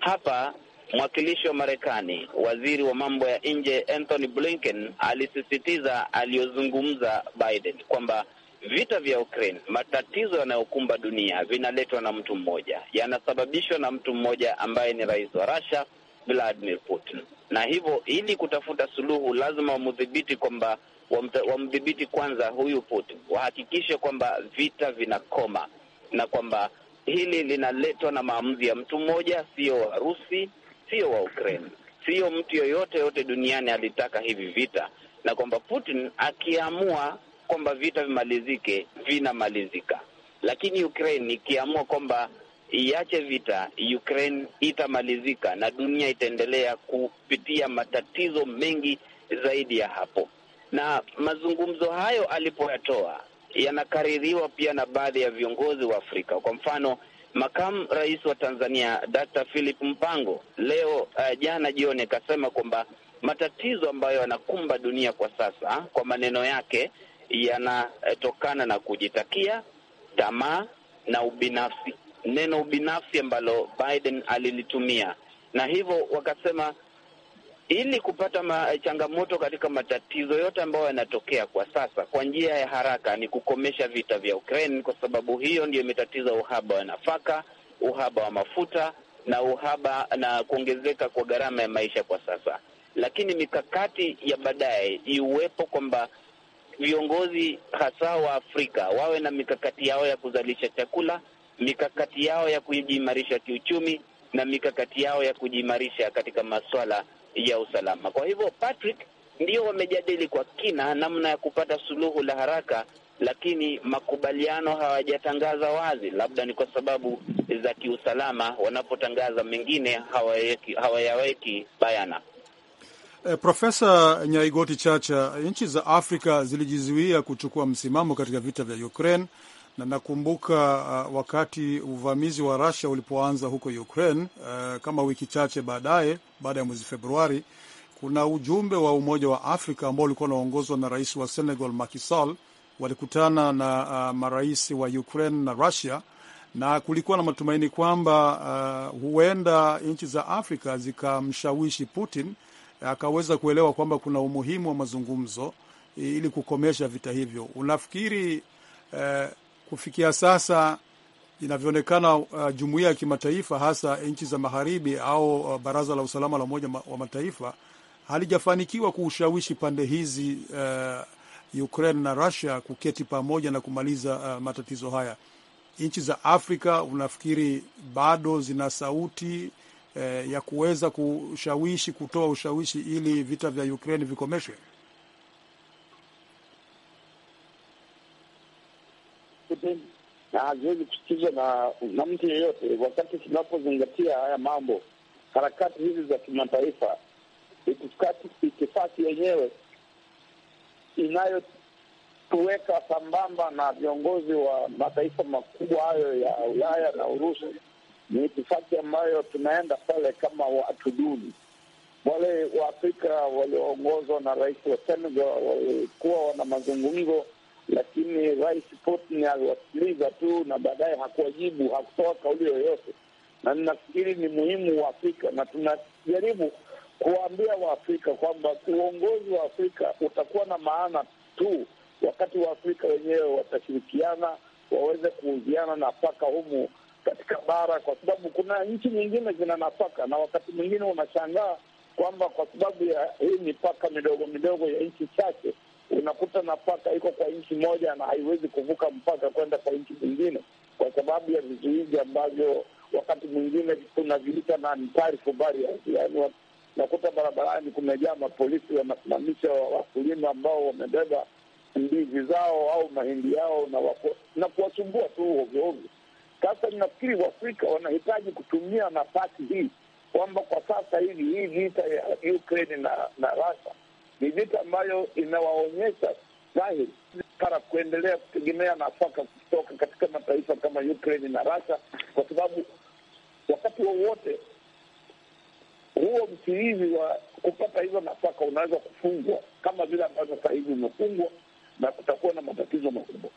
Hapa mwakilishi wa Marekani, waziri wa mambo ya nje Anthony Blinken alisisitiza aliyozungumza Biden kwamba vita vya Ukraine, matatizo yanayokumba dunia vinaletwa na mtu mmoja, yanasababishwa na mtu mmoja ambaye ni rais wa Russia Vladimir Putin, na hivyo ili kutafuta suluhu lazima wamdhibiti kwamba wamdhibiti kwanza huyu Putin, wahakikishe kwamba vita vinakoma na kwamba hili linaletwa na maamuzi ya mtu mmoja, sio wa rusi sio wa Ukraine, sio mtu yoyote yote duniani alitaka hivi vita, na kwamba Putin akiamua kwamba vita vimalizike vinamalizika, lakini Ukraine ikiamua kwamba iache vita Ukraine itamalizika na dunia itaendelea kupitia matatizo mengi zaidi ya hapo. Na mazungumzo hayo alipoyatoa yanakaririwa pia na baadhi ya viongozi wa Afrika. Kwa mfano, makamu rais wa Tanzania Dr. Philip Mpango leo uh, jana jioni akasema kwamba matatizo ambayo yanakumba dunia kwa sasa, kwa maneno yake, yanatokana na kujitakia, tamaa na ubinafsi neno binafsi ambalo Biden alilitumia, na hivyo wakasema ili kupata ma changamoto katika matatizo yote ambayo yanatokea kwa sasa, kwa njia ya haraka ni kukomesha vita vya Ukraine, kwa sababu hiyo ndiyo imetatiza uhaba wa nafaka, uhaba wa mafuta na uhaba na kuongezeka kwa gharama ya maisha kwa sasa. Lakini mikakati ya baadaye iwepo kwamba viongozi hasa wa Afrika wawe na mikakati yao ya kuzalisha chakula mikakati yao ya kujiimarisha kiuchumi na mikakati yao ya kujiimarisha katika masuala ya usalama. Kwa hivyo, Patrick, ndio wamejadili kwa kina namna ya kupata suluhu la haraka, lakini makubaliano hawajatangaza wazi, labda ni kwa sababu za kiusalama, wanapotangaza mengine hawayaweki bayana. Eh, Profesa Nyaigoti Chacha, nchi za Afrika zilijizuia kuchukua msimamo katika vita vya Ukraine na nakumbuka uh, wakati uvamizi wa Russia ulipoanza huko Ukraine uh, kama wiki chache baadaye, baada ya mwezi Februari, kuna ujumbe wa Umoja wa Afrika ambao ulikuwa unaongozwa na rais wa Senegal Macky Sall, walikutana na uh, marais wa Ukraine na Russia, na kulikuwa na matumaini kwamba uh, huenda nchi za Afrika zikamshawishi Putin uh, akaweza kuelewa kwamba kuna umuhimu wa mazungumzo ili kukomesha vita hivyo. Unafikiri uh, kufikia sasa inavyoonekana, uh, jumuiya ya kimataifa hasa nchi za magharibi au uh, baraza la usalama la Umoja wa Mataifa halijafanikiwa kuushawishi pande hizi uh, Ukraine na Russia kuketi pamoja na kumaliza uh, matatizo haya. Nchi za Afrika unafikiri bado zina sauti uh, ya kuweza kushawishi, kutoa ushawishi ili vita vya Ukraine vikomeshwe? na ah, haziwezi kusikizwa na, na mtu yeyote, wakati tunapozingatia haya mambo, harakati hizi za kimataifa, itifaki yenyewe inayotuweka sambamba na viongozi wa mataifa makubwa hayo ya Ulaya na Urusi ni itifaki ambayo tunaenda pale kama watu duni. Wale Waafrika walioongozwa na rais wa Senegal walikuwa wana mazungumzo lakini Rais Putin aliwasikiliza tu na baadaye hakuwajibu, hakutoa kauli yoyote, na ninafikiri ni muhimu wa afrika na tunajaribu kuwaambia Waafrika kwamba uongozi wa Afrika utakuwa na maana tu wakati wa afrika wenyewe watashirikiana, waweze kuuziana nafaka humu katika bara, kwa sababu kuna nchi nyingine zina nafaka, na wakati mwingine unashangaa kwamba kwa sababu ya hii mipaka midogo midogo ya nchi chache unakuta nafaka iko kwa nchi moja na haiwezi kuvuka mpaka kwenda kwa nchi nyingine kwa sababu ya vizuizi ambavyo wakati mwingine tunaviita na tarifu barriers, Yani unakuta barabarani kumejaa mapolisi wanasimamisha wakulima ambao wamebeba ndizi zao au mahindi yao na na kuwasumbua tu ovyoovyo. Sasa ninafikiri Waafrika wanahitaji kutumia nafasi hii kwamba kwa sasa hivi hii vita ya Ukraine na, na Russia ni vita ambayo inawaonyesha dhahiri para kuendelea kutegemea nafaka kutoka katika mataifa kama Ukraine na Russia, kwa sababu wakati wowote huo msiizi wa kupata hizo nafaka unaweza kufungwa kama vile ambavyo sasa hivi umefungwa, na kutakuwa na matatizo makubwa.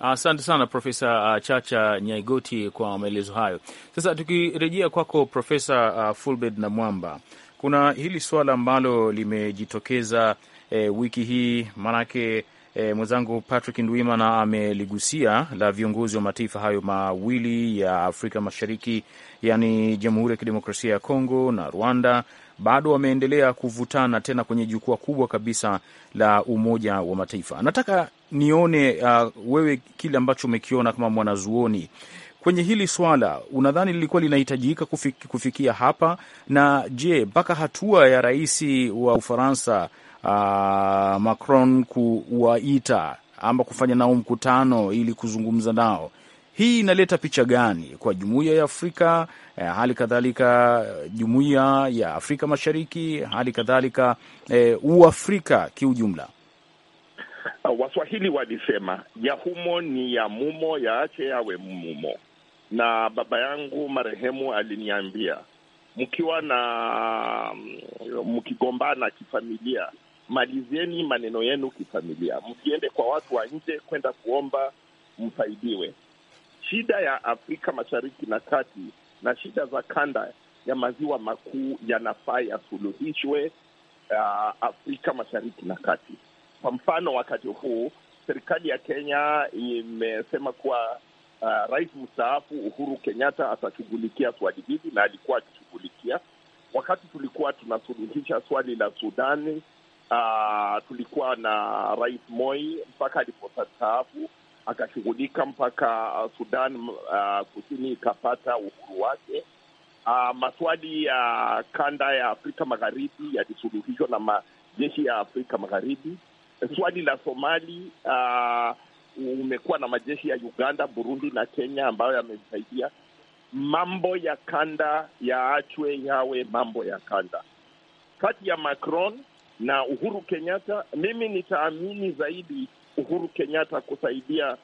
Asante uh, sana Profesa uh, Chacha Nyaigoti kwa maelezo hayo. Sasa tukirejea kwako Profesa uh, Fulbert na Mwamba, kuna hili suala ambalo limejitokeza e, wiki hii maanake E, eh, mwenzangu Patrick Ndwimana ameligusia la viongozi wa mataifa hayo mawili ya Afrika Mashariki, yani Jamhuri ya Kidemokrasia ya Kongo na Rwanda, bado wameendelea kuvutana tena kwenye jukwaa kubwa kabisa la Umoja wa Mataifa. Nataka nione uh, wewe kile ambacho umekiona kama mwanazuoni kwenye hili swala unadhani lilikuwa linahitajika kufiki, kufikia hapa? Na je, mpaka hatua ya rais wa Ufaransa uh, Macron kuwaita ama kufanya nao mkutano ili kuzungumza nao, hii inaleta picha gani kwa jumuiya ya Afrika, eh, hali kadhalika eh, jumuiya ya Afrika Mashariki, hali kadhalika eh, Uafrika kiujumla? Waswahili walisema ya humo ni ya mumo, yaache yawe mumo na baba yangu marehemu aliniambia, mkiwa na mm, mkigombana kifamilia, malizieni maneno yenu kifamilia, msiende kwa watu wa nje kwenda kuomba msaidiwe. Shida ya Afrika Mashariki na Kati na shida za kanda ya maziwa makuu yanafaa yasuluhishwe uh, Afrika Mashariki na Kati. Kwa mfano, wakati huu serikali ya Kenya imesema kuwa uh, rais mstaafu Uhuru Kenyatta atashughulikia swali hili na alikuwa akishughulikia wakati tulikuwa tunasuluhisha swali la Sudani. Uh, tulikuwa na rais Moi mpaka alipostaafu akashughulika mpaka Sudan uh, kusini ikapata uhuru wake. Uh, maswali ya uh, kanda ya Afrika Magharibi yalisuluhishwa na majeshi ya Afrika Magharibi. Swali la Somali uh, umekuwa na majeshi ya Uganda, Burundi na Kenya ambayo yamesaidia Mambo ya kanda yaachwe yawe mambo ya kanda. Kati ya Macron na Uhuru Kenyatta, mimi nitaamini zaidi Uhuru Kenyatta kusaidia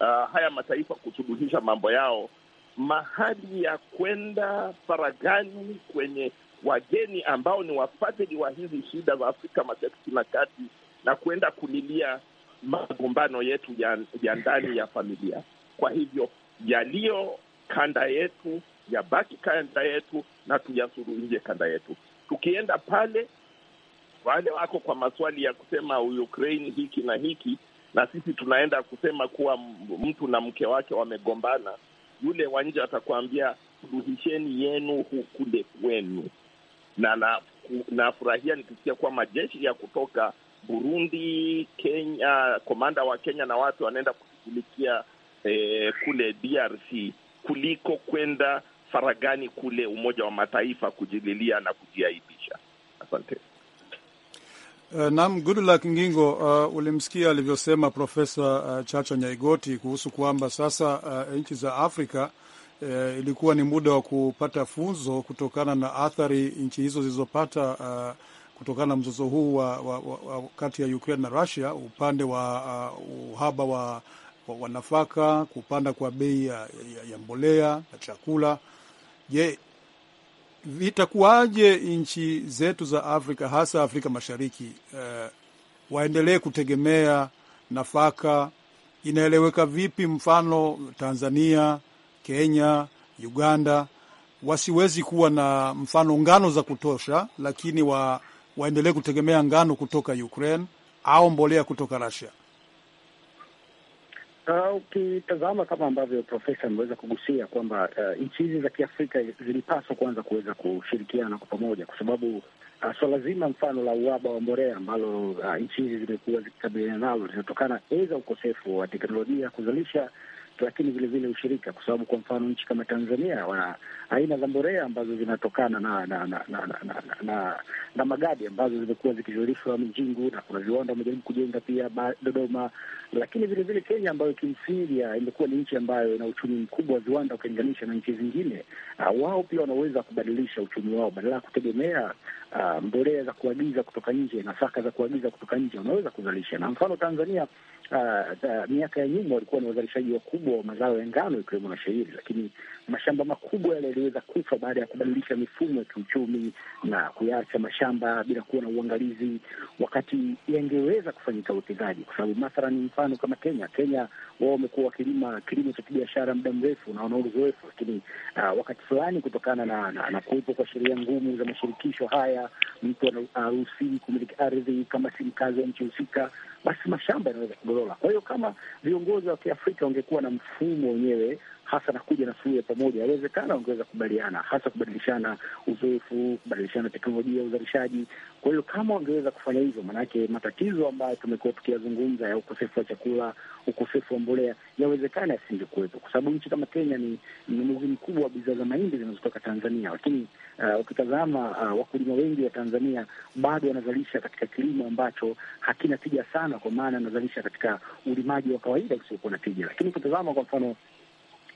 uh, haya mataifa kusuluhisha mambo yao. Mahali ya kwenda faragani kwenye wageni ambao ni wafadhili wa hizi shida za Afrika Mashariki na Kati na kuenda kulilia magombano yetu ya, ya ndani ya familia. Kwa hivyo yaliyo kanda yetu yabaki kanda yetu na nje kanda yetu. Tukienda pale, wale wako kwa maswali ya kusema Ukraine hiki na hiki, na sisi tunaenda kusema kuwa mtu na mke wake wamegombana, yule wa nje atakuambia suluhisheni yenu kule kwenu, na nafurahia na nikisikia kuwa majeshi ya kutoka Burundi, Kenya, komanda wa Kenya na watu wanaenda kushughulikia eh, kule DRC kuliko kwenda faragani kule Umoja wa Mataifa kujililia na kujiaibisha. Asante. Uh, naam, Goodluck Ngingo, uh, ulimsikia alivyosema Profesa uh, Chacha Nyaigoti kuhusu kwamba sasa uh, nchi za Afrika uh, ilikuwa ni muda wa kupata funzo kutokana na athari nchi hizo zilizopata uh, kutokana na mzozo huu wa, wa, wa, wa kati ya Ukraine na Russia, upande wa uh, uhaba wa, wa, wa nafaka, kupanda kwa bei ya, ya, ya mbolea na chakula. Je, itakuwaje nchi zetu za Afrika hasa Afrika Mashariki uh, waendelee kutegemea nafaka? Inaeleweka vipi mfano Tanzania, Kenya, Uganda wasiwezi kuwa na mfano ngano za kutosha, lakini wa waendelee kutegemea ngano kutoka Ukraine au mbolea kutoka Russia? Ah, ukitazama uh, kama ambavyo profesa ameweza kugusia kwamba uh, nchi hizi za Kiafrika zilipaswa kwanza kuweza kushirikiana kwa pamoja, kwa sababu uh, swala zima mfano la uhaba wa mbolea ambalo uh, nchi hizi zimekuwa zikikabiliana nalo linatokana eza ukosefu wa teknolojia kuzalisha, lakini vilevile ushirika, kwa sababu kwa mfano nchi kama Tanzania wana aina za mborea ambazo zinatokana na na na, na, na, na, na, na magadi ambazo zimekuwa zikishughulishwa Mijingu, na kuna viwanda wamejaribu kujenga pia ba, Dodoma, lakini vilevile Kenya ambayo kimsingi ah, imekuwa ni nchi ambayo ina uchumi mkubwa wa viwanda ukilinganisha na nchi zingine. Ah, wao pia wanaweza kubadilisha uchumi wao, badala ya kutegemea uh, ah, mborea za kuagiza kutoka nje na saka za kuagiza kutoka nje, wanaweza kuzalisha na mfano Tanzania uh, miaka ya nyuma walikuwa ni wazalishaji wakubwa wa mazao ya ngano ikiwemo na shayiri, lakini mashamba makubwa yale yaliweza kufa baada ya kubadilisha mifumo ya kiuchumi na kuyaacha mashamba bila kuwa na uangalizi, wakati yangeweza kufanyika uwekezaji, kwa sababu mathalani, mfano kama Kenya. Kenya wao wamekuwa wakilima kilimo cha kibiashara muda mrefu na wana uzoefu, lakini uh, wakati fulani kutokana na, na, na kuwepo kwa sheria ngumu za mashirikisho haya, mtu anaruhusiwi kumiliki ardhi kama si mkazi wa nchi husika basi mashamba yanaweza kudorora. Kwa hiyo kama viongozi wa Kiafrika wangekuwa na mfumo wenyewe hasa na kuja na suluhu ya pamoja. Yawezekana wangeweza kubaliana, hasa kubadilishana uzoefu, kubadilishana teknolojia ya uzalishaji. Kwa hiyo kama wangeweza kufanya hivyo, maanake matatizo ambayo tumekuwa tukiyazungumza ya ukosefu wa chakula, ukosefu wa mbolea, yawezekana yasingekuwepo, kwa sababu nchi kama Kenya ni mnunuzi mkubwa wa bidhaa za mahindi zinazotoka Tanzania. Lakini uh, ukitazama uh, wakulima wengi wa Tanzania bado wanazalisha katika kilimo ambacho hakina tija sana, kwa maana anazalisha katika ulimaji wa kawaida usiokuwa na tija. Lakini ukitazama kwa mfano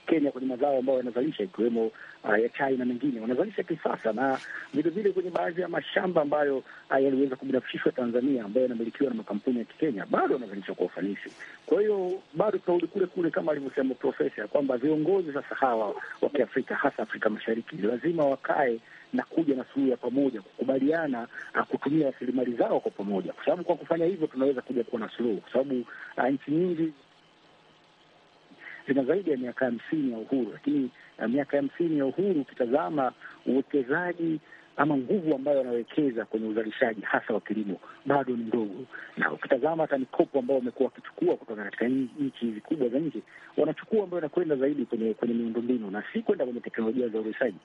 Kenya kwenye mazao ambayo yanazalisha ikiwemo uh, ya chai na mengine wanazalisha kisasa, na vilevile kwenye baadhi ya mashamba ambayo uh, yaliweza kubinafsishwa Tanzania ambayo yanamilikiwa na makampuni ya Kikenya bado wanazalisha kwa ufanisi. Kwa hiyo bado tunarudi kule kule kama alivyosema Profesa kwamba viongozi sasa hawa wa Kiafrika hasa Afrika Mashariki lazima wakae na kuja na suluhu ya pamoja, kukubaliana uh, kutumia rasilimali zao kwa pamoja, kwa sababu kwa kufanya hivyo tunaweza kuja kuwa na suluhu, kwa sababu uh, nchi nyingi zina zaidi ya miaka hamsini ya uhuru, lakini eh, miaka hamsini ya uhuru ukitazama uwekezaji ama nguvu ambayo wanawekeza kwenye uzalishaji hasa wa kilimo bado ni ndogo, na ukitazama hata mikopo ambayo wamekuwa wakichukua kutoka katika nchi hizi kubwa za nje, wanachukua ambayo inakwenda zaidi kwenye kwenye miundombinu na si kwenda kwenye teknolojia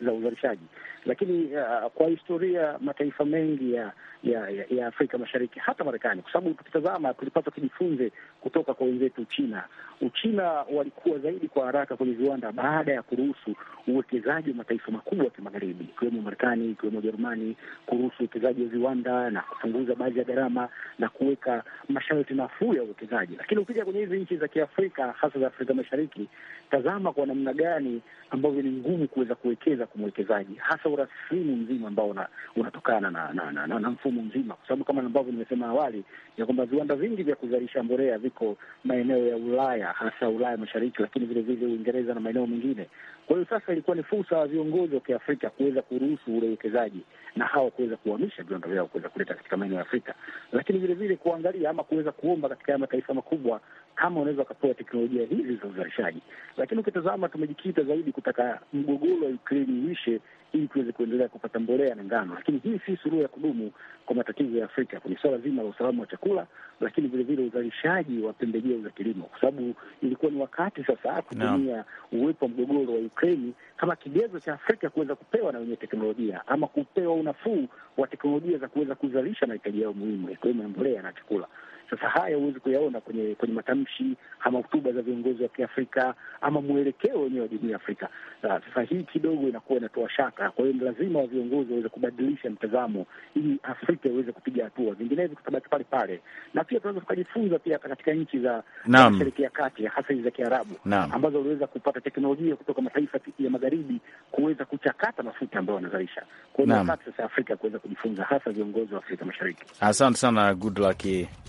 za uzalishaji. Lakini uh, kwa historia mataifa mengi ya ya, ya, ya Afrika Mashariki hata Marekani, kwa sababu tukitazama tulipaswa tujifunze kutoka kwa wenzetu Uchina. Uchina walikuwa zaidi kwa haraka kwenye viwanda baada ya kuruhusu uwekezaji wa mataifa makubwa ya kimagharibi ikiwemo Marekani, ikiwemo Ujerumani kuruhusu uwekezaji wa viwanda na kupunguza baadhi ya gharama na kuweka masharti nafuu ya uwekezaji. Lakini ukija kwenye hizi nchi za Kiafrika, hasa za Afrika Mashariki, tazama kwa namna gani ambavyo ni ngumu kuweza kuwekeza kwa mwekezaji, hasa urasimu mzima ambao unatokana na, na, na, na, na mfumo mzima, kwa sababu kama ambavyo nimesema awali ya kwamba viwanda vingi vya kuzalisha mborea viko maeneo ya Ulaya, hasa Ulaya Mashariki, lakini vilevile Uingereza na maeneo mengine. Kwa hiyo sasa ilikuwa ni fursa ya viongozi wa Kiafrika kuweza kuruhusu ule uwekezaji wawekezaji na hawa kuweza kuhamisha viwanda vyao kuweza kuleta katika maeneo ya Afrika, lakini vilevile kuangalia ama kuweza kuomba katika mataifa makubwa kama unaweza wakapewa teknolojia hizi za uzalishaji. Lakini ukitazama tumejikita zaidi kutaka mgogoro wa Ukraini uishe ili tuweze kuendelea kupata mbolea na ngano, lakini hii si suluhu ya kudumu kwa matatizo ya Afrika kwenye suala zima la usalama wa chakula, lakini vilevile uzalishaji wa pembejeo za kilimo, kwa sababu ilikuwa ni wakati sasa kutumia uwepo wa mgogoro wa Ukraini kama kigezo cha Afrika kuweza kupewa na wenye teknolojia ama kupewa unafuu wa teknolojia za kuweza kuzalisha mahitaji yao muhimu, yakiwemo ya mbolea na chakula. Sasa haya huwezi kuyaona kwenye kwenye matamshi ama hotuba za viongozi wa Kiafrika ama mwelekeo wenyewe wa jamii ya Afrika. Ah, sasa hii kidogo inakuwa inatoa shaka. Kwa hiyo ni lazima wa viongozi waweze kubadilisha mtazamo ili Afrika iweze kupiga hatua, vinginevyo tutabaki pale pale, na pia tunaweza tukajifunza pia katika nchi za Mashariki ya Kati, hasa hizi za Kiarabu ambazo waliweza kupata teknolojia kutoka mataifa ya magharibi kuweza kuchakata mafuta ambayo wanazalisha. Kwa hiyo wakati sasa Afrika kuweza kujifunza, hasa viongozi wa Afrika Mashariki. Asante sana, good luck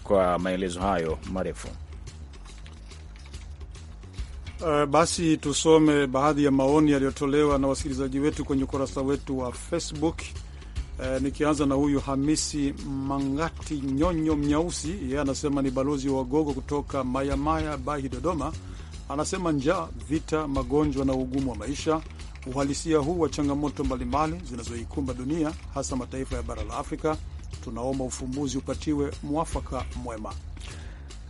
kwa maelezo hayo marefu. Uh, basi tusome baadhi ya maoni yaliyotolewa na wasikilizaji wetu kwenye ukurasa wetu wa Facebook. Uh, nikianza na huyu Hamisi Mangati Nyonyo Mnyausi, yeye anasema ni balozi wa Wagogo kutoka Mayamaya Bahi, Dodoma. Anasema njaa, vita, magonjwa na ugumu wa maisha, uhalisia huu wa changamoto mbalimbali zinazoikumba dunia, hasa mataifa ya bara la Afrika Tunaomba ufumbuzi upatiwe mwafaka mwema.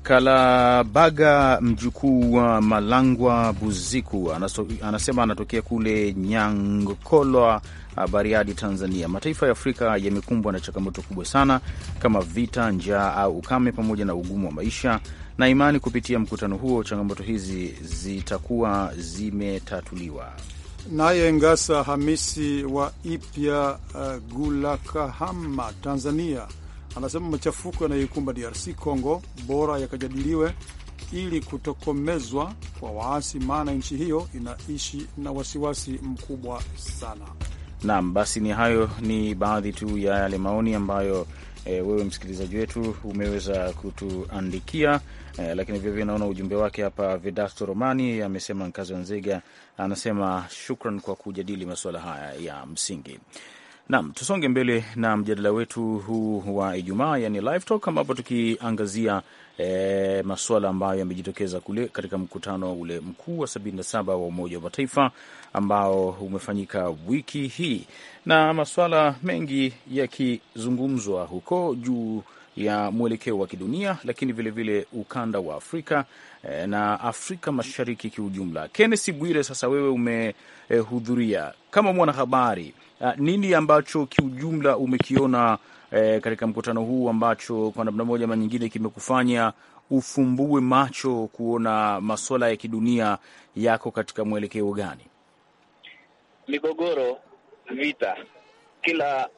Kalabaga, mjukuu wa Malangwa Buziku, anaso, anasema anatokea kule Nyangokolwa, ah, Bariadi, Tanzania. Mataifa ya Afrika yamekumbwa na changamoto kubwa sana kama vita, njaa au ukame, pamoja na ugumu wa maisha na imani. Kupitia mkutano huo, changamoto hizi zitakuwa zimetatuliwa. Naye Ngasa Hamisi wa Ipya uh, Gulakahama, Tanzania, anasema machafuko yanayoikumba DRC Congo bora yakajadiliwe ili kutokomezwa kwa waasi, maana nchi hiyo inaishi na wasiwasi mkubwa sana. Naam, basi ni hayo ni baadhi tu ya yale maoni ambayo e, wewe msikilizaji wetu umeweza kutuandikia eh, lakini vilevile naona ujumbe wake hapa Vidasto Romani amesema, Nkazi wa anasema shukran kwa kujadili masuala haya ya msingi. Naam, tusonge mbele na mjadala wetu huu wa Ijumaa, yani live talk, ambapo tukiangazia e, masuala ambayo yamejitokeza kule katika mkutano ule mkuu wa 77 wa Umoja wa Mataifa ambao umefanyika wiki hii na masuala mengi yakizungumzwa huko juu ya mwelekeo wa kidunia, lakini vilevile vile ukanda wa Afrika eh, na Afrika Mashariki kiujumla. Kennesi Bwire, sasa wewe umehudhuria eh, kama mwanahabari eh, nini ambacho kiujumla umekiona eh, katika mkutano huu ambacho kwa namna moja ama nyingine kimekufanya ufumbue macho kuona masuala ya kidunia yako katika mwelekeo gani? Migogoro, vita, kila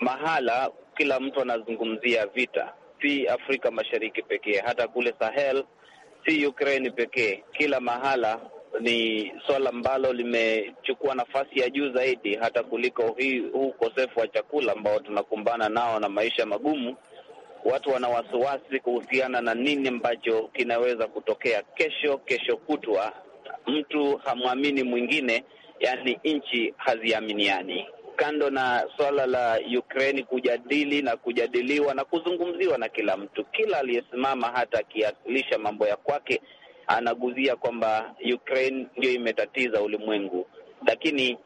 mahala kila mtu anazungumzia vita, si Afrika Mashariki pekee, hata kule Sahel, si Ukraine pekee. Kila mahala ni swala ambalo limechukua nafasi ya juu zaidi hata kuliko hii huu ukosefu wa chakula ambao tunakumbana nao na maisha magumu. Watu wana wasiwasi kuhusiana na nini ambacho kinaweza kutokea kesho, kesho kutwa. Mtu hamwamini mwingine, yani nchi haziaminiani kando na swala la Ukraine kujadili na kujadiliwa na kuzungumziwa na kila mtu, kila aliyesimama hata akiakilisha mambo ya kwake anaguzia kwamba Ukraine ndio imetatiza ulimwengu, lakini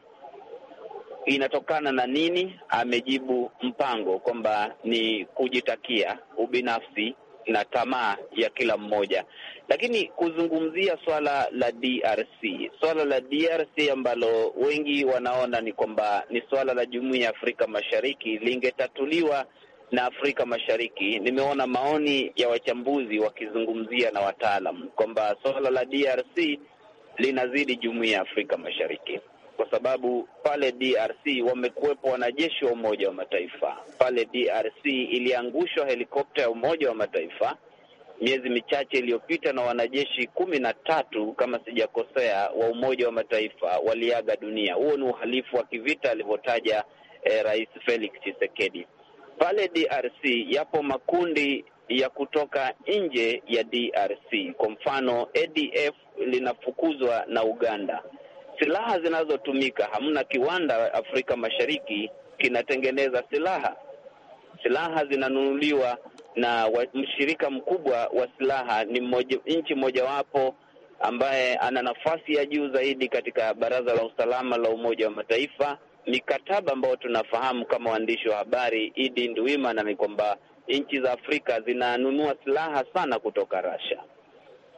inatokana na nini? Amejibu mpango kwamba ni kujitakia ubinafsi na tamaa ya kila mmoja. Lakini kuzungumzia swala la DRC, swala la DRC ambalo wengi wanaona ni kwamba ni swala la Jumuiya ya Afrika Mashariki lingetatuliwa na Afrika Mashariki. Nimeona maoni ya wachambuzi wakizungumzia na wataalam kwamba swala la DRC linazidi Jumuiya ya Afrika Mashariki kwa sababu pale DRC wamekuwepo wanajeshi wa Umoja wa Mataifa. Pale DRC iliangushwa helikopta ya Umoja wa Mataifa miezi michache iliyopita na wanajeshi kumi na tatu kama sijakosea, wa Umoja wa Mataifa waliaga dunia. Huo ni uhalifu wa kivita alivyotaja eh, Rais Felix Tshisekedi. Pale DRC yapo makundi ya kutoka nje ya DRC, kwa mfano ADF linafukuzwa na Uganda silaha zinazotumika, hamna kiwanda Afrika Mashariki kinatengeneza silaha. Silaha zinanunuliwa na wa, mshirika mkubwa wa silaha ni moja, nchi mojawapo ambaye ana nafasi ya juu zaidi katika Baraza la Usalama la Umoja wa Mataifa. Mikataba ambayo tunafahamu kama waandishi wa habari Idi Nduima ni kwamba nchi za Afrika zinanunua silaha sana kutoka Russia.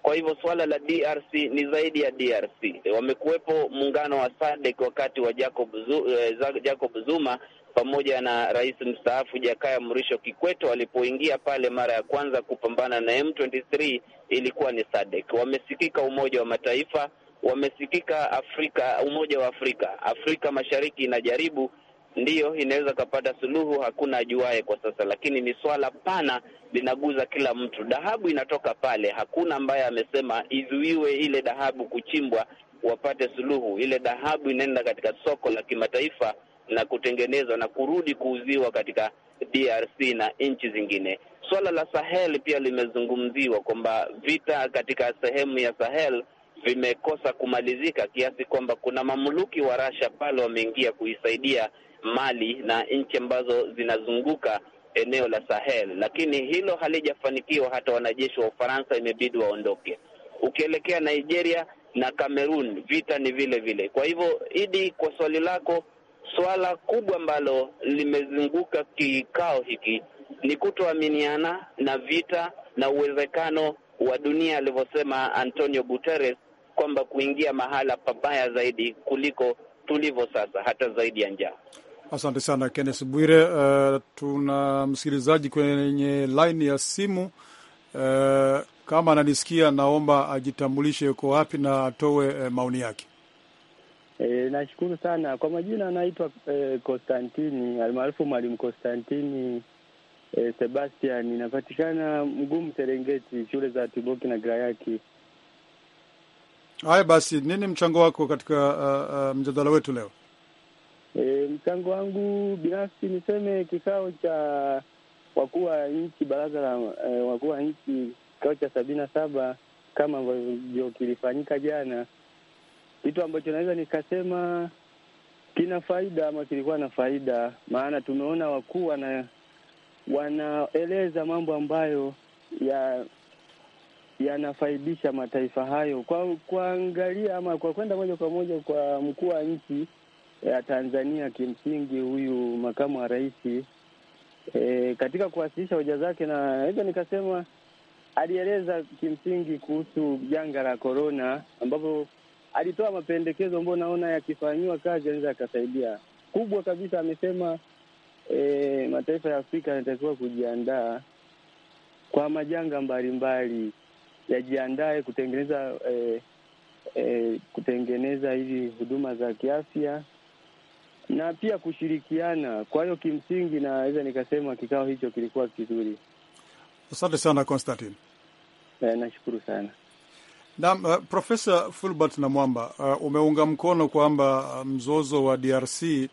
Kwa hivyo swala la DRC ni zaidi ya DRC. Wamekuwepo muungano wa SADC wakati wa Jacob, eh, Jacob Zuma pamoja na rais mstaafu Jakaya Mrisho Kikwete walipoingia pale mara ya kwanza kupambana na M23 ilikuwa ni SADC. Wamesikika Umoja wa Mataifa, wamesikika Afrika, Umoja wa Afrika. Afrika Mashariki inajaribu ndiyo inaweza kapata suluhu, hakuna ajuaye kwa sasa, lakini ni swala pana, linaguza kila mtu. Dhahabu inatoka pale, hakuna ambaye amesema izuiwe ile dhahabu kuchimbwa wapate suluhu. Ile dhahabu inaenda katika soko la kimataifa na kutengenezwa na kurudi kuuziwa katika DRC na nchi zingine. Swala la Sahel pia limezungumziwa kwamba vita katika sehemu ya Sahel vimekosa kumalizika kiasi kwamba kuna mamluki wa Russia pale wameingia kuisaidia Mali na nchi ambazo zinazunguka eneo la Sahel, lakini hilo halijafanikiwa. Hata wanajeshi wa Ufaransa imebidi waondoke. Ukielekea Nigeria na Cameroon, vita ni vile vile. Kwa hivyo, Idi, kwa swali lako, swala kubwa ambalo limezunguka kikao hiki ni kutoaminiana na vita na uwezekano wa dunia, alivyosema Antonio Guterres kwamba kuingia mahala pabaya zaidi kuliko tulivyo sasa, hata zaidi ya njaa. Asante sana Kennes Bwire. Uh, tuna msikilizaji kwenye laini ya simu uh, kama ananisikia, naomba ajitambulishe yuko wapi na atoe uh, maoni yake. E, nashukuru sana kwa majina, anaitwa Konstantini e, almaarufu Mwalimu Konstantini e, Sebastian. Inapatikana Mgumu Serengeti, shule za Tiboki na Grayaki. Haya basi, nini mchango wako katika uh, uh, mjadala wetu leo? E, mchango wangu binafsi niseme kikao cha wakuu wa nchi, baraza la e, wakuu wa nchi, kikao cha sabini na saba kama ambavyo kilifanyika jana, kitu ambacho naweza nikasema kina faida ama kilikuwa na faida, maana tumeona wakuu wana wanaeleza mambo ambayo ya yanafaidisha mataifa hayo, kwa kuangalia ama kwa kwenda moja kwa moja kwa mkuu wa nchi ya Tanzania. Kimsingi huyu makamu wa rais e, katika kuwasilisha hoja zake, na hivyo nikasema alieleza kimsingi kuhusu janga la korona, ambapo alitoa mapendekezo ambayo naona yakifanyiwa kazi anaweza yakasaidia kubwa kabisa. Amesema e, mataifa ya Afrika yanatakiwa kujiandaa kwa majanga mbalimbali, yajiandae kutengeneza e, e, kutengeneza hizi huduma za kiafya na pia kushirikiana. Kwa hiyo kimsingi, naweza nikasema kikao hicho kilikuwa kizuri. Asante sana Constantine. E, nashukuru sana. Naam, uh, eh, Profesa Fulbert na Mwamba, uh, eh, umeunga mkono kwamba mzozo wa DRC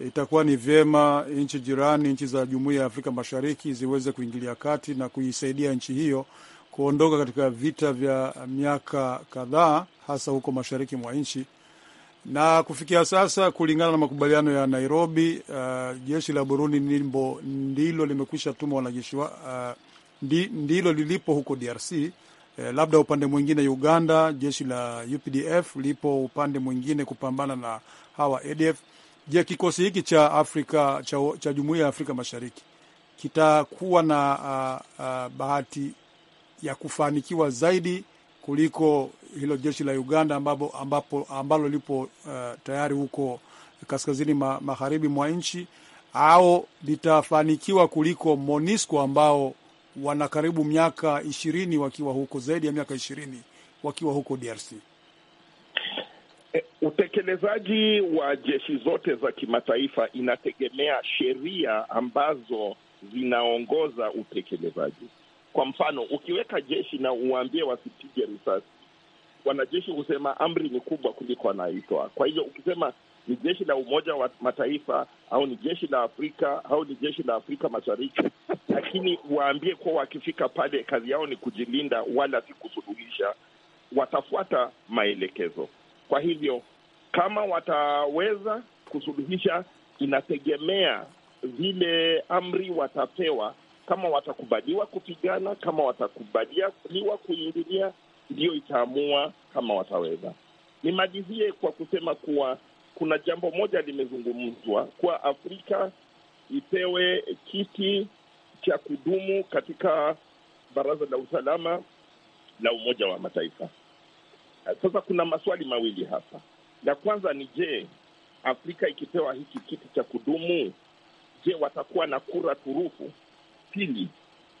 itakuwa ni vyema nchi jirani, nchi za Jumuiya ya Afrika Mashariki ziweze kuingilia kati na kuisaidia nchi hiyo kuondoka katika vita vya miaka kadhaa, hasa huko mashariki mwa nchi. Na kufikia sasa, kulingana na makubaliano ya Nairobi, uh, jeshi la Burundi nimbo, ndilo limekwisha tuma wanajeshi wa, uh, ndi, ndilo lilipo huko DRC. Uh, eh, labda upande mwingine Uganda, jeshi la UPDF lipo upande mwingine kupambana na hawa ADF. Je, kikosi hiki cha Afrika cha, cha Jumuiya ya Afrika Mashariki kitakuwa na uh, uh, bahati ya kufanikiwa zaidi kuliko hilo jeshi la Uganda ambapo, ambapo, ambalo lipo uh, tayari huko kaskazini ma, magharibi mwa nchi au litafanikiwa kuliko MONUSCO ambao wana karibu miaka ishirini wakiwa huko, zaidi ya miaka ishirini wakiwa huko DRC. E, utekelezaji wa jeshi zote za kimataifa inategemea sheria ambazo zinaongoza utekelezaji. Kwa mfano, ukiweka jeshi na uwaambie wasipige risasi, wanajeshi husema amri ni kubwa kuliko wanaitoa. Kwa hivyo ukisema ni jeshi la Umoja wa Mataifa au ni jeshi la Afrika au ni jeshi la Afrika Mashariki, lakini waambie kuwa wakifika pale kazi yao ni kujilinda, wala si kusuluhisha, watafuata maelekezo. Kwa hivyo kama wataweza kusuluhisha, inategemea vile amri watapewa, kama watakubaliwa kupigana, kama watakubaliwa kuingilia ndiyo itaamua kama wataweza. Nimalizie kwa kusema kuwa kuna jambo moja limezungumzwa kuwa Afrika ipewe kiti cha kudumu katika Baraza la Usalama la Umoja wa Mataifa. Sasa kuna maswali mawili hapa. La kwanza ni je, Afrika ikipewa hiki kiti cha kudumu, je, watakuwa na kura turufu? Pili,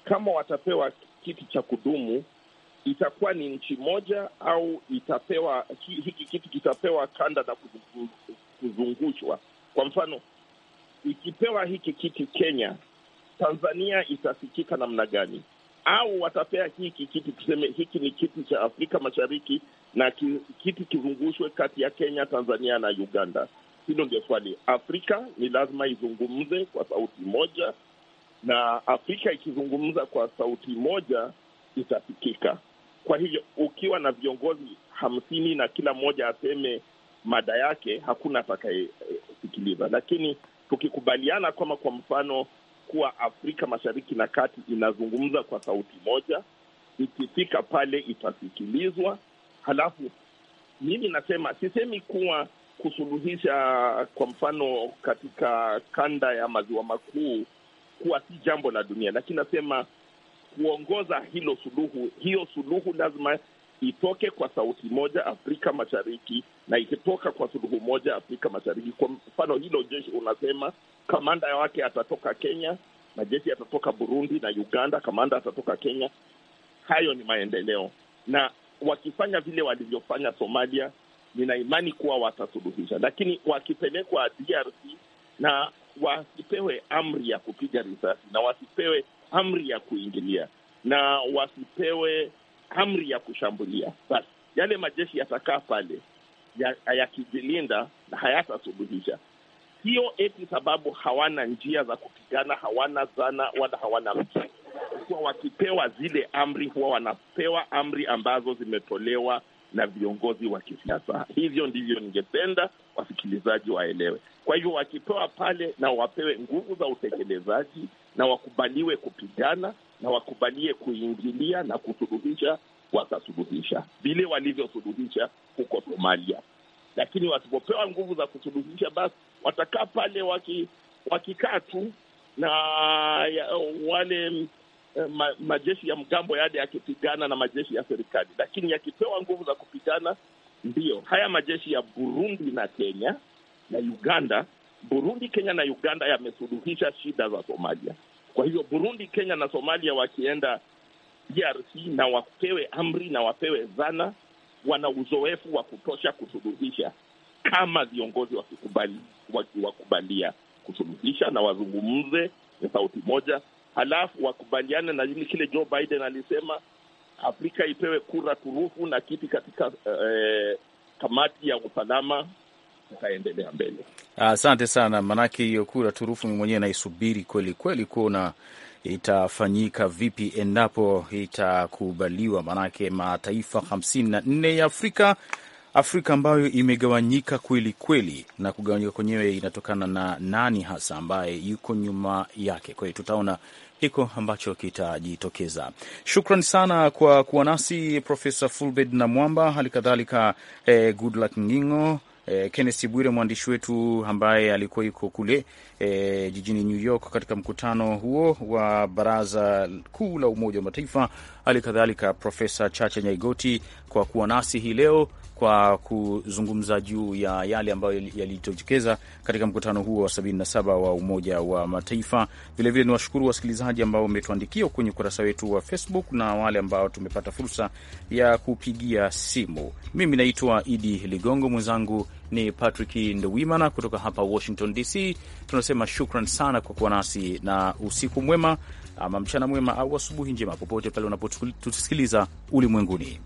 kama watapewa kiti cha kudumu, itakuwa ni nchi moja au itapewa hiki kitu kitapewa kanda na kuzungushwa. Kwa mfano, ikipewa hiki kiti Kenya, Tanzania itasikika namna gani? Au watapea hiki kiti, tuseme hiki ni kiti cha Afrika Mashariki na kiti kizungushwe kati ya Kenya, Tanzania na Uganda. Hilo ndio swali. Afrika ni lazima izungumze kwa sauti moja, na Afrika ikizungumza kwa sauti moja itasikika. Kwa hivyo ukiwa na viongozi hamsini na kila mmoja aseme mada yake, hakuna atakayesikiliza. Lakini tukikubaliana kwama kwa mfano kuwa Afrika Mashariki na Kati inazungumza kwa sauti moja, ikifika pale itasikilizwa. Halafu mimi nasema, sisemi kuwa kusuluhisha kwa mfano katika kanda ya maziwa makuu kuwa si jambo la dunia, lakini nasema kuongoza hilo suluhu. Hiyo suluhu lazima itoke kwa sauti moja Afrika Mashariki, na ikitoka kwa suluhu moja Afrika Mashariki, kwa mfano hilo jeshi unasema kamanda wake atatoka Kenya, majeshi yatatoka Burundi na Uganda, kamanda atatoka Kenya. Hayo ni maendeleo, na wakifanya vile walivyofanya Somalia, nina imani kuwa watasuluhisha, lakini wakipelekwa DRC na wasipewe amri ya kupiga risasi na wasipewe amri ya kuingilia na wasipewe amri ya kushambulia. Basi yale majeshi yatakaa pale yakijilinda ya na hayatasuluhisha. hiyo, eti sababu hawana njia za kupigana, hawana zana wala hawana mtu. Kwa wakipewa zile amri, huwa wanapewa amri ambazo zimetolewa na viongozi wa kisiasa. Hivyo ndivyo ningependa wasikilizaji waelewe. Kwa hivyo wakipewa pale, na wapewe nguvu za utekelezaji na wakubaliwe kupigana na wakubalie kuingilia na kusuluhisha, watasuluhisha vile walivyosuluhisha huko Somalia. Lakini wasipopewa nguvu za kusuluhisha, basi watakaa pale waki, wakikaa tu na ya, wale eh, ma, majeshi ya mgambo yale yakipigana na majeshi ya serikali. Lakini yakipewa nguvu za kupigana, ndiyo haya majeshi ya Burundi na Kenya na Uganda Burundi, Kenya na Uganda yamesuluhisha shida za Somalia. Kwa hivyo Burundi, Kenya na Somalia wakienda DRC na wapewe amri na wapewe zana, wana uzoefu wa kutosha kusuluhisha, kama viongozi wakikubali, wakiwakubalia kusuluhisha na wazungumze ni sauti moja, halafu wakubaliane na kile Joe Biden alisema, Afrika ipewe kura turufu na kiti katika eh, kamati ya usalama tutaendelea mbele. Asante sana, maanake hiyo kura turufu mwenyewe naisubiri kweli kweli kuona itafanyika vipi endapo itakubaliwa, maanake mataifa 54 ya Afrika Afrika ambayo imegawanyika kweli kweli, na kugawanyika kwenyewe inatokana na nani hasa ambaye yuko nyuma yake. Kwa hiyo tutaona hiko ambacho kitajitokeza. Shukran sana kwa kuwa nasi Profesa Fulbert na Mwamba, hali kadhalika eh, Goodluck Ngingo E, Kenneth Bwire mwandishi wetu ambaye alikuwa yuko kule e, jijini New York katika mkutano huo wa Baraza Kuu la Umoja wa Mataifa hali kadhalika Profesa Chacha Nyaigoti kwa kuwa nasi hii leo kwa kuzungumza juu ya yale ambayo yalijitokeza katika mkutano huo wa 77 wa Umoja wa Mataifa. Vilevile ni washukuru wasikilizaji ambao wametuandikia kwenye ukurasa wetu wa Facebook na wale ambao tumepata fursa ya kupigia simu. Mimi naitwa Idi Ligongo, mwenzangu ni Patrick Ndwimana kutoka hapa Washington DC. Tunasema shukran sana kwa kuwa nasi na usiku mwema ama mchana mwema au asubuhi njema popote pale unapotusikiliza ulimwenguni.